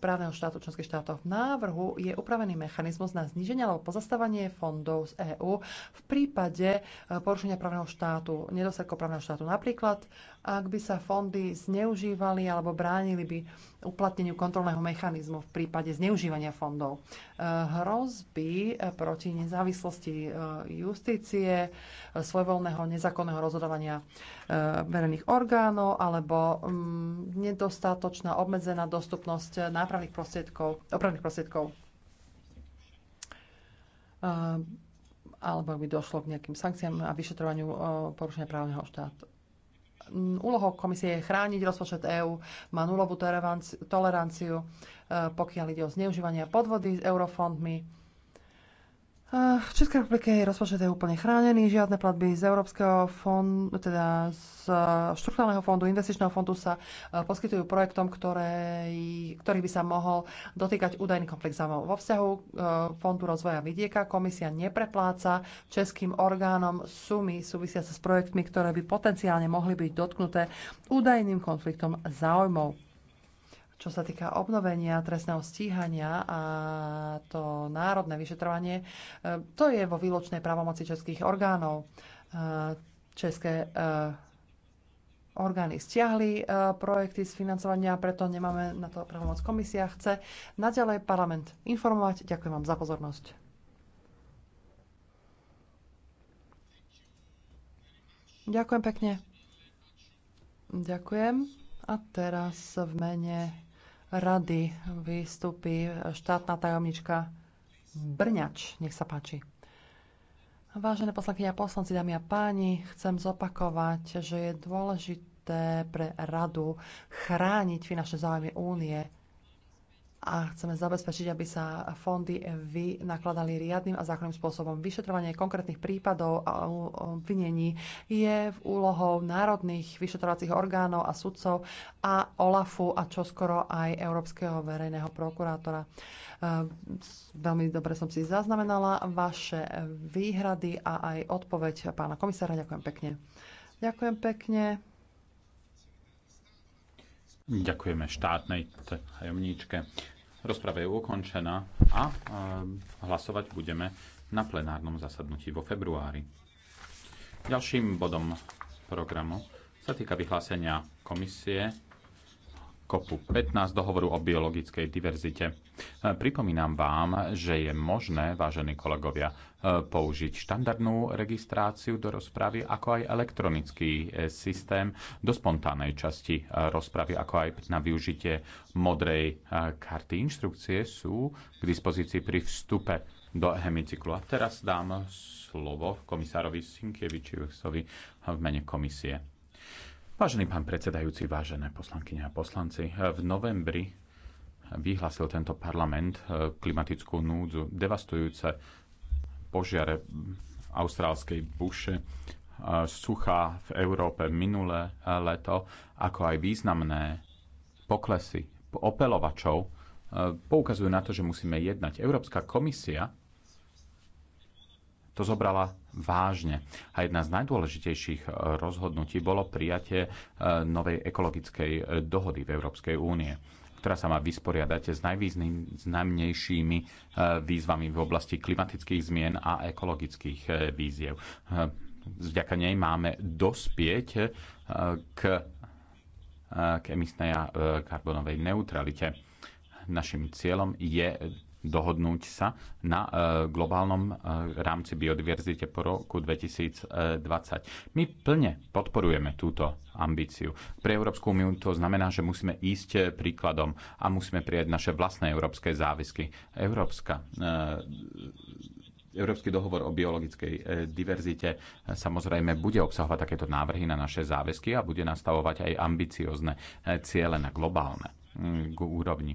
Speaker 2: právneho štátu členských štátov. V návrhu je upravený mechanizmus na zníženie alebo pozastavanie fondov z EÚ v prípade eh, porušenia právneho štátu, nedostatkov právneho štátu. Napríklad ak by sa fondy zneužívali alebo bránili by uplatneniu kontrolného mechanizmu v prípade zneužívania fondov. Eh, hrozby eh, proti nezávislosti eh, justície, svojvoľného nezákonného rozhodovania verejných orgánov alebo mm, nedostatočná obmedzená dostupnosť nápravných prostriedkov, opravných prostriedkov alebo by došlo k nejakým sankciám a vyšetrovaniu porušenia právneho štátu Mm, úlohou komisie je chrániť rozpočet EÚ, má nulovú toleranciu, e, pokiaľ ide o zneužívanie podvody s eurofondmi Eh, v Českej republike je rozpočet e úplne chránený, žiadne platby z Európskeho fondu, teda z eh, štruktúrneho fondu, investičného fondu sa eh, poskytujú projektom, ktorý by sa mohol dotýkať údajný konflikt záujmov. Vo vzťahu Fondu rozvoja vidieka komisia neprepláca českým orgánom sumy súvisiace s projektmi, ktoré by potenciálne mohli byť dotknuté údajným konfliktom záujmov čo sa týka obnovenia trestného stíhania a to národné vyšetrovanie, e, to je vo výločnej právomoci českých orgánov. E, České e, orgány stiahli projekty z financovania, preto nemáme na to právomoc. Komisia chce naďalej parlament informovať. Ďakujem vám za pozornosť. Ďakujem pekne. Ďakujem. A teraz v mene rady vystúpi štátna tajomnička Brňač. Nech sa páči. Vážené poslankyne a poslanci, dámy a páni, chcem zopakovať, že je dôležité pre radu chrániť finančné záujmy únie a chceme zabezpečiť, aby sa fondy vynakladali riadnym a zákonným spôsobom. Vyšetrovanie konkrétnych prípadov a obvinení je v úlohou národných vyšetrovacích orgánov a sudcov a OLAFu a čoskoro aj Európskeho verejného prokurátora. Ehm, veľmi dobre som si zaznamenala vaše výhrady a aj odpoveď pána komisára. Ďakujem pekne. Ďakujem pekne.
Speaker 1: Ďakujeme štátnej tajomníčke. Rozprava je ukončená a e, hlasovať budeme na plenárnom zasadnutí vo februári. Ďalším bodom programu sa týka vyhlásenia komisie COPU 15 dohovoru o biologickej diverzite. Pripomínam vám, že je možné, vážení kolegovia, použiť štandardnú registráciu do rozpravy, ako aj elektronický e, systém do spontánnej časti e, rozpravy, ako aj na využitie modrej e, karty. Inštrukcie sú k dispozícii pri vstupe do hemicyklu. A teraz dám slovo komisárovi Sinkievičovi v mene komisie. Vážený pán predsedajúci, vážené poslankyne a poslanci, v novembri vyhlásil tento parlament e, klimatickú núdzu, devastujúce požiare austrálskej buše, e, suchá v Európe minulé e, leto, ako aj významné poklesy opelovačov poukazujú na to, že musíme jednať. Európska komisia to zobrala vážne. A jedna z najdôležitejších e, rozhodnutí bolo prijatie e, novej ekologickej e, dohody v Európskej únie ktorá sa má vysporiadať s najvýznamnejšími výzvami v oblasti klimatických zmien a ekologických víziev. Vďaka nej máme dospieť k, k emisnej a karbonovej neutralite. Našim cieľom je dohodnúť sa na e, globálnom e, rámci biodiverzite po roku 2020. My plne podporujeme túto ambíciu. Pre Európsku úniu to znamená, že musíme ísť e, príkladom a musíme prijať naše vlastné európske záväzky. Európska Európsky dohovor o biologickej diverzite samozrejme bude obsahovať takéto návrhy na naše záväzky a bude nastavovať aj ambiciozne ciele na globálne úrovni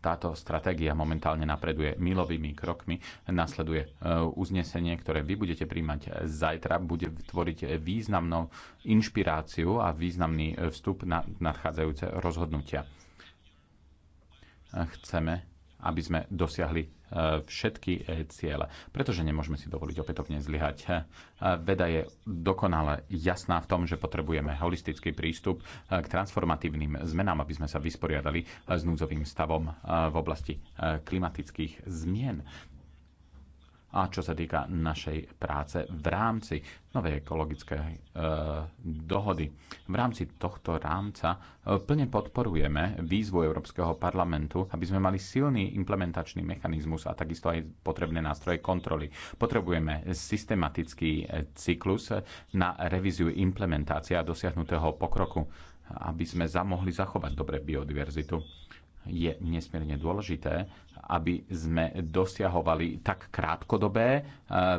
Speaker 1: táto stratégia momentálne napreduje milovými krokmi. Nasleduje e, uznesenie, ktoré vy budete príjmať zajtra, bude tvoriť významnú inšpiráciu a významný e, vstup na nadchádzajúce rozhodnutia. Chceme aby sme dosiahli e, všetky e, ciele. Pretože nemôžeme si dovoliť opätovne zlyhať. E, veda je dokonale jasná v tom, že potrebujeme holistický prístup k transformatívnym zmenám, aby sme sa vysporiadali s núdzovým stavom v oblasti klimatických zmien a čo sa týka našej práce v rámci novej ekologickej e, dohody. V rámci tohto rámca e, plne podporujeme výzvu Európskeho parlamentu, aby sme mali silný implementačný mechanizmus a takisto aj potrebné nástroje kontroly. Potrebujeme systematický e, cyklus e, na revíziu implementácia dosiahnutého pokroku, aby sme mohli zachovať dobre biodiverzitu je nesmierne dôležité, aby sme dosiahovali tak krátkodobé eh,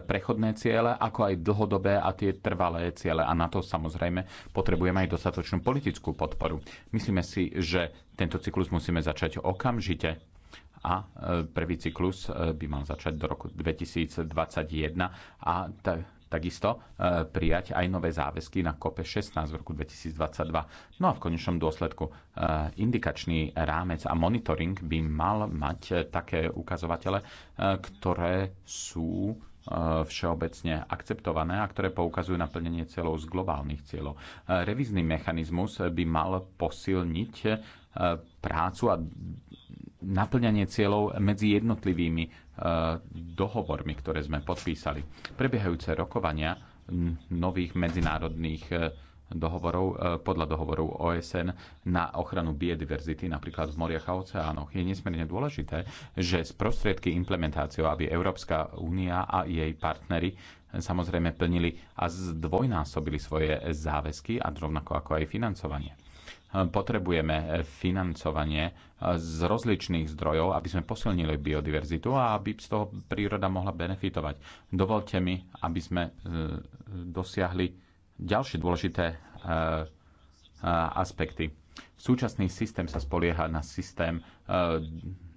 Speaker 1: prechodné ciele, ako aj dlhodobé a tie trvalé ciele. A na to samozrejme potrebujeme aj dostatočnú politickú podporu. Myslíme si, že tento cyklus musíme začať okamžite a eh, prvý cyklus eh, by mal začať do roku 2021 a takisto e, prijať aj nové záväzky na COPE 16 v roku 2022. No a v konečnom dôsledku e, indikačný rámec a monitoring by mal mať e, také ukazovatele, ktoré sú všeobecne akceptované a ktoré poukazujú na plnenie cieľov z globálnych cieľov. Revizný mechanizmus by mal posilniť prácu a naplňanie cieľov medzi jednotlivými Eh, dohovormi, ktoré sme podpísali. Prebiehajúce rokovania nových medzinárodných eh, dohovorov eh, podľa dohovorov OSN na ochranu biodiverzity napríklad v moriach a oceánoch. Je nesmierne dôležité, že sprostriedky implementáciou, aby Európska únia a jej partnery samozrejme plnili a zdvojnásobili svoje záväzky a rovnako ako aj financovanie potrebujeme financovanie z rozličných zdrojov, aby sme posilnili biodiverzitu a aby z toho príroda mohla benefitovať. Dovolte mi, aby sme e, dosiahli ďalšie dôležité e, e, aspekty. Súčasný systém sa spolieha na systém E,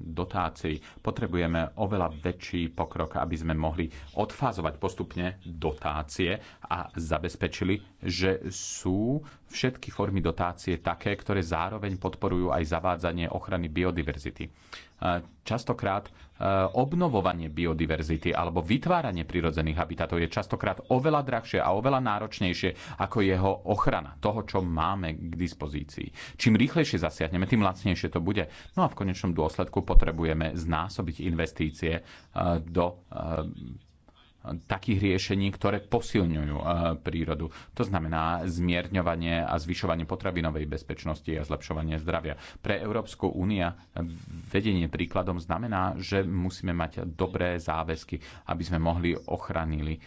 Speaker 1: dotácií. Potrebujeme oveľa väčší pokrok, aby sme mohli odfázovať postupne dotácie a zabezpečili, že sú všetky formy dotácie také, ktoré zároveň podporujú aj zavádzanie ochrany biodiverzity. E, častokrát e, obnovovanie biodiverzity alebo vytváranie prirodzených habitatov je častokrát oveľa drahšie a oveľa náročnejšie ako jeho ochrana toho, čo máme k dispozícii. Čím rýchlejšie zasiahneme, tým lacnejšie to bude. No a v konečnom dôsledku potrebujeme znásobiť investície e, do e, takých riešení, ktoré posilňujú e, prírodu. To znamená zmierňovanie a zvyšovanie potravinovej bezpečnosti a zlepšovanie zdravia. Pre Európsku únia vedenie príkladom znamená, že musíme mať dobré záväzky, aby sme mohli ochránili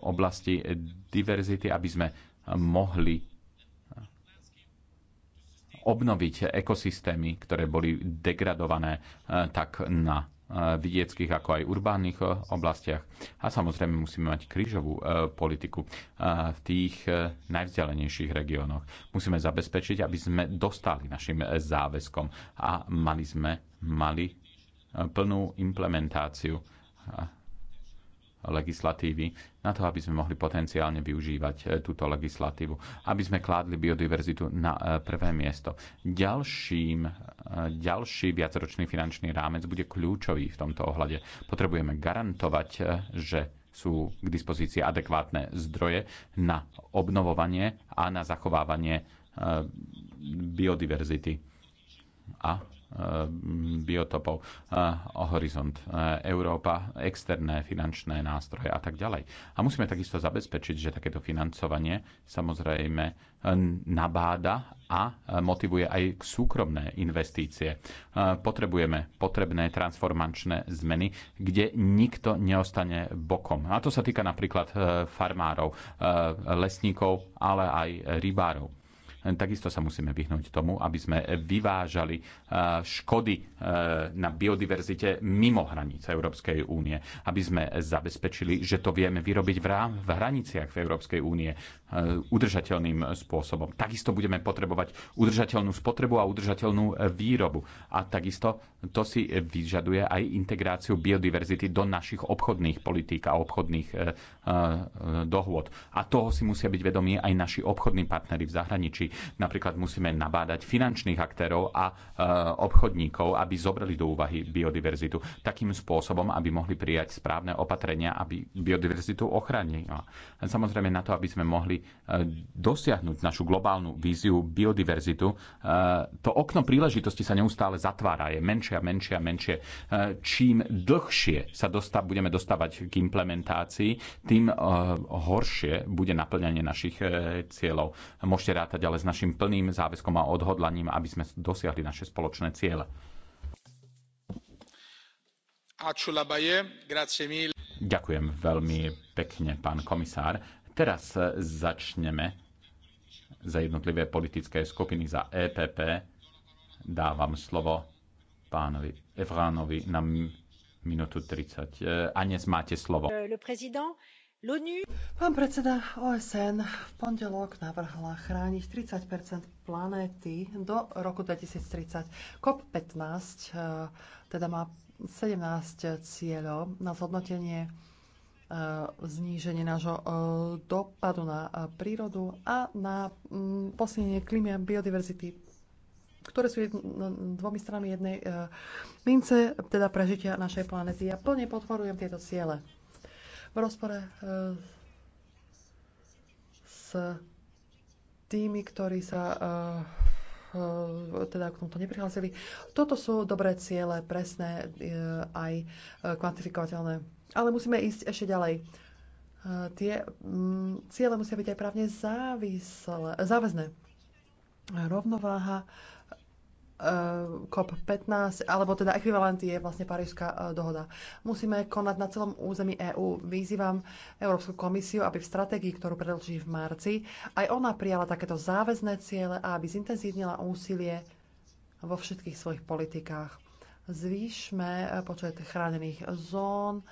Speaker 1: oblasti diverzity, aby sme mohli obnoviť ekosystémy, ktoré boli degradované e, tak na e, vidieckých ako aj urbánnych e, oblastiach. A samozrejme musíme mať krížovú politiku v tých najvzdialenejších regiónoch. Musíme zabezpečiť, aby sme dostali našim záväzkom a mali sme mali plnú implementáciu legislatívy na to, aby sme mohli potenciálne využívať e, túto legislatívu, aby sme kládli biodiverzitu na e, prvé miesto. Ďalším, e, ďalší viacročný finančný rámec bude kľúčový v tomto ohľade. Potrebujeme garantovať, že sú k dispozícii adekvátne zdroje na obnovovanie a na zachovávanie biodiverzity. A Eh, biotopov, eh, Horizont eh, Európa, externé finančné nástroje a tak ďalej. A musíme takisto zabezpečiť, že takéto financovanie samozrejme nabáda a motivuje aj k súkromné investície. Potrebujeme potrebné transformačné zmeny, kde nikto neostane bokom. A to sa týka napríklad farmárov, lesníkov, ale aj rybárov Takisto sa musíme vyhnúť tomu, aby sme vyvážali eh, škody eh, na biodiverzite mimo hranice Európskej únie. Aby sme zabezpečili, že to vieme vyrobiť v hraniciach v Európskej únie eh, udržateľným spôsobom. Takisto budeme potrebovať udržateľnú spotrebu a udržateľnú výrobu. A takisto to si vyžaduje aj integráciu biodiverzity do našich obchodných politík a obchodných dohôd. A toho si musia byť vedomí aj naši obchodní partnery v zahraničí. Napríklad musíme nabádať finančných aktérov a e, obchodníkov, aby zobrali do úvahy biodiverzitu takým spôsobom, aby mohli prijať správne opatrenia, aby biodiverzitu ochránila. Samozrejme na to, aby sme mohli e, dosiahnuť našu globálnu víziu biodiverzitu, e, to okno príležitosti sa neustále zatvára, je menšie a menšie a menšie. Čím dlhšie sa dostav, budeme dostávať k implementácii, tým horšie bude naplňanie našich cieľov. Môžete rátať ale s s našim plným záväzkom a odhodlaním, aby sme dosiahli naše spoločné ciele. Ďakujem veľmi pekne, pán komisár. Teraz e, začneme za jednotlivé politické skupiny, za EPP. Dávam slovo pánovi Evránovi na minútu 30. E, Anes, máte slovo. Le
Speaker 2: président, Pán predseda OSN v pondelok navrhla chrániť 30 planéty do roku 2030. COP15 eh, teda má 17 cieľov na zhodnotenie eh, zníženie nášho eh, dopadu na prírodu a na mm, posilnenie klímy a biodiverzity, ktoré sú jedno, no, dvomi stranami jednej mince, teda prežitia našej planety. Ja plne podporujem tieto ciele v rozpore eh, s tými, ktorí sa eh, eh, teda k tomuto neprihlásili. Toto sú dobré ciele, presné aj kvantifikovateľné. Ale musíme ísť ešte ďalej. Tie mm, ciele musia byť aj právne závislé, záväzné. Rovnováha COP15, e, alebo teda ekvivalent je vlastne Parížská e, dohoda. Musíme konať na celom území EÚ. Vyzývam Európsku komisiu, aby v stratégii, ktorú predloží v marci, aj ona prijala takéto záväzné ciele a aby zintenzívnila úsilie vo všetkých svojich politikách. Zvýšme e, počet chránených zón,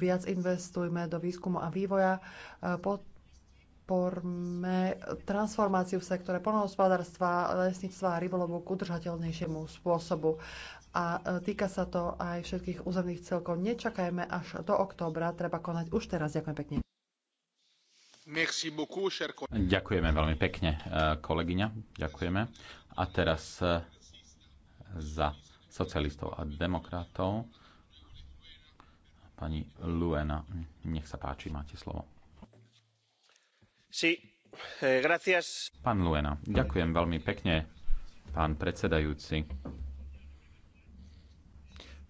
Speaker 2: viac investujme do výskumu a vývoja, pod forme transformáciu v sektore polnohospodárstva, lesníctva a rybolovu k udržateľnejšiemu spôsobu. A e, týka sa to aj všetkých územných celkov. Nečakajme až do októbra, treba konať už teraz. Ďakujem pekne.
Speaker 1: Beaucoup, Ďakujeme veľmi pekne, e, kolegyňa. Ďakujeme. A teraz e, za socialistov a demokratov pani Luena. Nech sa páči, máte slovo. Eh, pán Luena, ďakujem veľmi pekne, pán predsedajúci.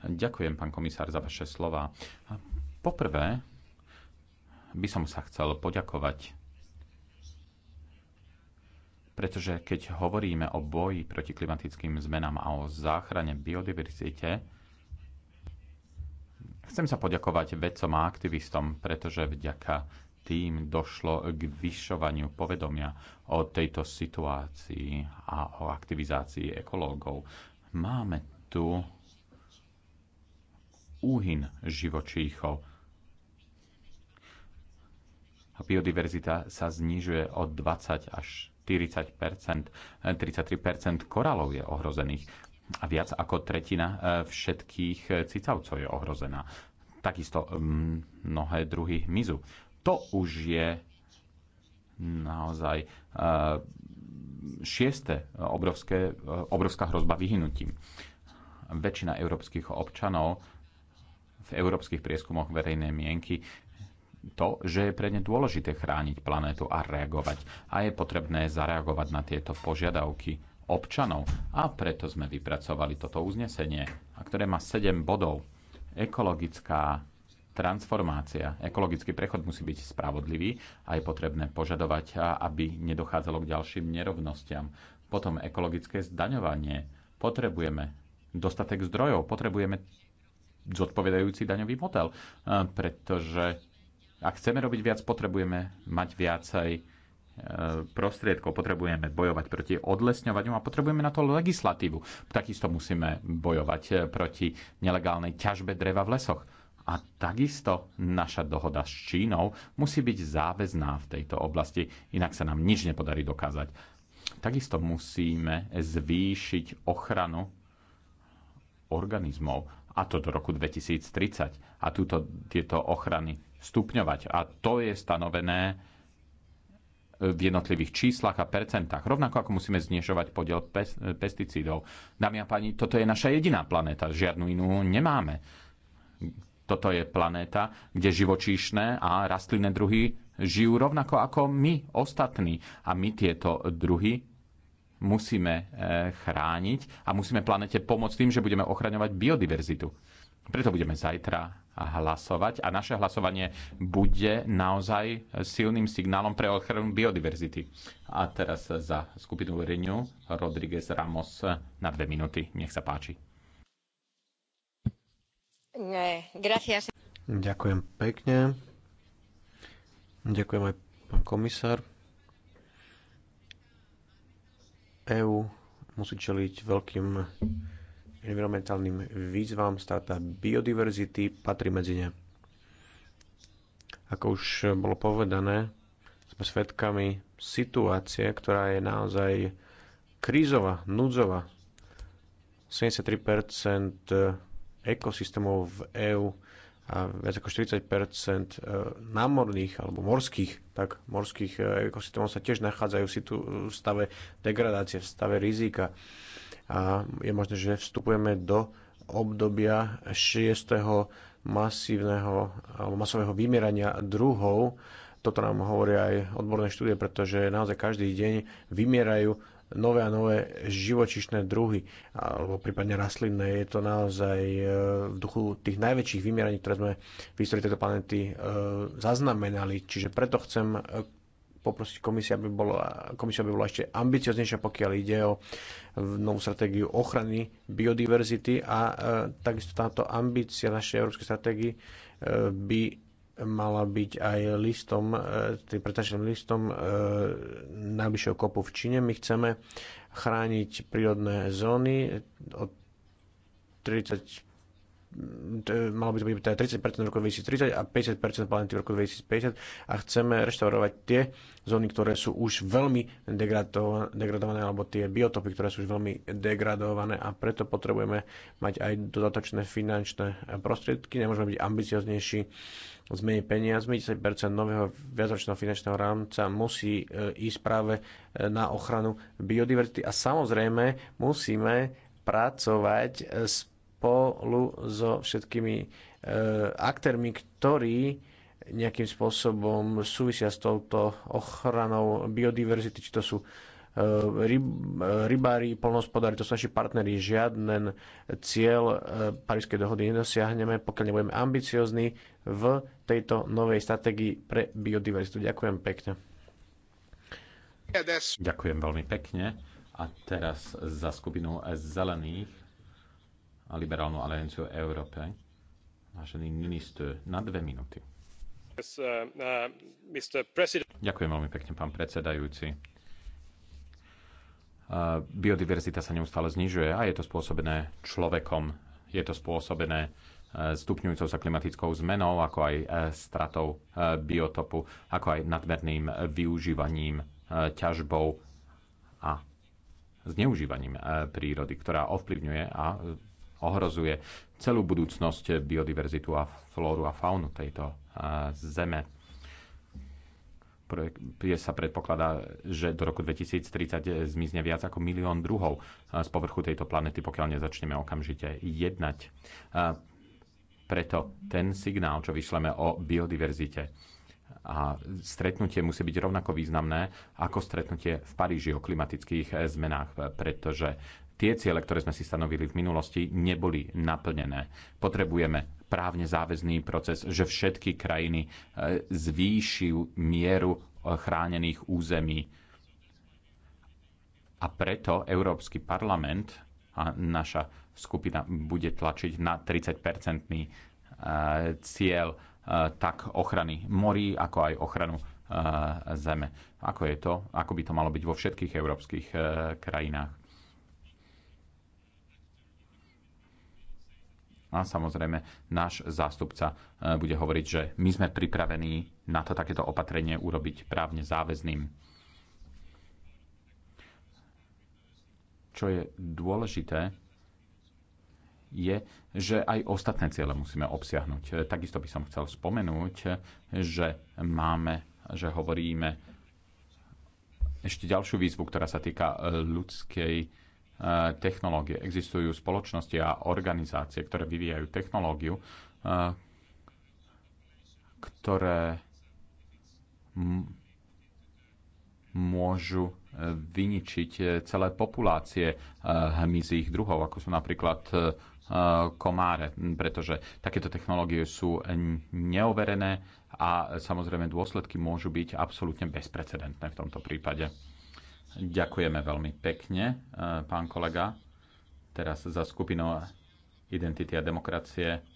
Speaker 1: Ďakujem, pán komisár, za vaše slova. Poprvé by som sa chcel poďakovať pretože keď hovoríme o boji proti klimatickým zmenám a o záchrane biodiverzite, chcem sa poďakovať vedcom a aktivistom, pretože vďaka tým došlo k vyšovaniu povedomia o tejto situácii a o aktivizácii ekológov. Máme tu úhyn živočíchov. A biodiverzita sa znižuje od 20 až 40 33 koralov je ohrozených a viac ako tretina e, všetkých cicavcov je ohrozená. Takisto mnohé druhy mizu to už je naozaj eh, šieste obrovské, eh, obrovská hrozba vyhnutím. Väčšina európskych občanov v európskych prieskumoch verejnej mienky to, že je pre ne dôležité chrániť planétu a reagovať. A je potrebné zareagovať na tieto požiadavky občanov. A preto sme vypracovali toto uznesenie, ktoré má 7 bodov. Ekologická transformácia. Ekologický prechod musí byť spravodlivý a je potrebné požadovať, aby nedochádzalo k ďalším nerovnostiam. Potom ekologické zdaňovanie. Potrebujeme dostatek zdrojov, potrebujeme zodpovedajúci daňový model, pretože ak chceme robiť viac, potrebujeme mať viacej e, prostriedkov, potrebujeme bojovať proti odlesňovaniu a potrebujeme na to legislatívu. Takisto musíme bojovať e, proti nelegálnej ťažbe dreva v lesoch a takisto naša dohoda s Čínou musí byť záväzná v tejto oblasti, inak sa nám nič nepodarí dokázať. Takisto musíme zvýšiť ochranu organizmov, a to do roku 2030, a túto, tieto ochrany stupňovať. A to je stanovené v jednotlivých číslach a percentách. Rovnako ako musíme znižovať podiel pes- pesticídov. Dámy a páni, toto je naša jediná planéta, žiadnu inú nemáme toto je planéta, kde živočíšne a rastlinné druhy žijú rovnako ako my ostatní. A my tieto druhy musíme e, chrániť a musíme planete pomôcť tým, že budeme ochraňovať biodiverzitu. Preto budeme zajtra hlasovať a naše hlasovanie bude naozaj silným signálom pre ochranu biodiverzity. A teraz za skupinu Renew Rodriguez Ramos na dve minúty. Nech sa páči. Ďakujem pekne. Ďakujem aj
Speaker 3: pán komisár. EÚ musí čeliť veľkým environmentálnym výzvam. Strata biodiverzity patrí medzi ne. Ako už bolo povedané, sme svedkami situácie, ktorá je naozaj krízová, núdzová. 73 ekosystémov v EÚ a viac ako 40 e, námorných alebo morských, tak morských e, ekosystémov sa tiež nachádzajú v, stave degradácie, v stave rizika. A je možné, že vstupujeme do obdobia 6. masívneho alebo masového vymierania druhov. Toto nám hovoria aj odborné štúdie, pretože naozaj každý deň vymierajú nové a nové živočišné druhy, alebo prípadne rastlinné. Je to naozaj e, v duchu tých najväčších vymieraní, ktoré sme v histórii tejto planety e, zaznamenali. Čiže preto chcem e, poprosiť komisia, aby bola, komisia by bola ešte ambicioznejšia, pokiaľ ide o novú stratégiu ochrany biodiverzity a e, takisto táto ambícia našej európskej stratégii e, by mala byť aj listom, e, tým pretačným listom e, najbližšieho kopu v Číne. My chceme chrániť prírodné zóny od 30 malo by to byť teda 30% v roku 2030 a 50% planety v roku 2050 a chceme reštaurovať tie zóny, ktoré sú už veľmi degradované alebo tie biotopy, ktoré sú už veľmi degradované a preto potrebujeme mať aj dodatočné finančné prostriedky, nemôžeme byť ambicioznejší s menej peniazmi. 10% nového viacročného finančného rámca musí e, ísť práve e, na ochranu biodiverzity a samozrejme musíme pracovať s spolu so všetkými e, aktérmi, ktorí nejakým spôsobom súvisia s touto ochranou biodiverzity, či to sú e, ryb, e, rybári, polnospodári, to sú naši partneri. žiadne cieľ Parískej dohody nedosiahneme, pokiaľ nebudeme ambiciozni v tejto novej stratégii pre biodiverzitu. Ďakujem pekne.
Speaker 1: Ďakujem veľmi pekne. A teraz za skupinu zelených a liberálnu alianciu Európe. Vážený minister, na dve minúty. Yes, uh, uh Ďakujem veľmi pekne, pán predsedajúci. Uh, biodiverzita sa neustále znižuje a je to spôsobené človekom. Je to spôsobené uh, stupňujúcou sa klimatickou zmenou, ako aj uh, stratou biotopu, ako aj nadmerným využívaním, ťažbou a zneužívaním prírody, ktorá ovplyvňuje a ohrozuje celú budúcnosť eh, biodiverzitu a flóru a faunu tejto eh, zeme. Je sa predpokladá, že do roku 2030 eh, zmizne viac ako milión druhov z povrchu tejto planety, pokiaľ nezačneme okamžite jednať. Preto ten signál, čo vyšleme o biodiverzite, a stretnutie musí byť rovnako významné ako stretnutie v Paríži o klimatických zmenách, pretože tie ciele, ktoré sme si stanovili v minulosti, neboli naplnené. Potrebujeme právne záväzný proces, že všetky krajiny e, zvýšiu mieru chránených území. A preto Európsky parlament a naša skupina bude tlačiť na 30-percentný e, cieľ e, tak ochrany morí, ako aj ochranu zeme. Ako je to? Ako by to malo byť vo všetkých európskych krajinách? A samozrejme, náš zástupca e, bude hovoriť, že my sme pripravení na to takéto opatrenie urobiť právne záväzným. Čo je dôležité, je, že aj ostatné ciele musíme obsiahnuť. E, takisto by som chcel spomenúť, e, že máme, že hovoríme ešte ďalšiu výzvu, ktorá sa týka ľudskej E, technológie. Existujú spoločnosti a organizácie, ktoré vyvíjajú technológiu, e, ktoré môžu vyničiť celé populácie e, hmyzích druhov, ako sú napríklad komáre, pretože takéto technológie sú neoverené a samozrejme dôsledky môžu byť absolútne bezprecedentné v tomto prípade. Ďakujeme veľmi pekne, eh, pán kolega. Teraz za skupinu Identity a demokracie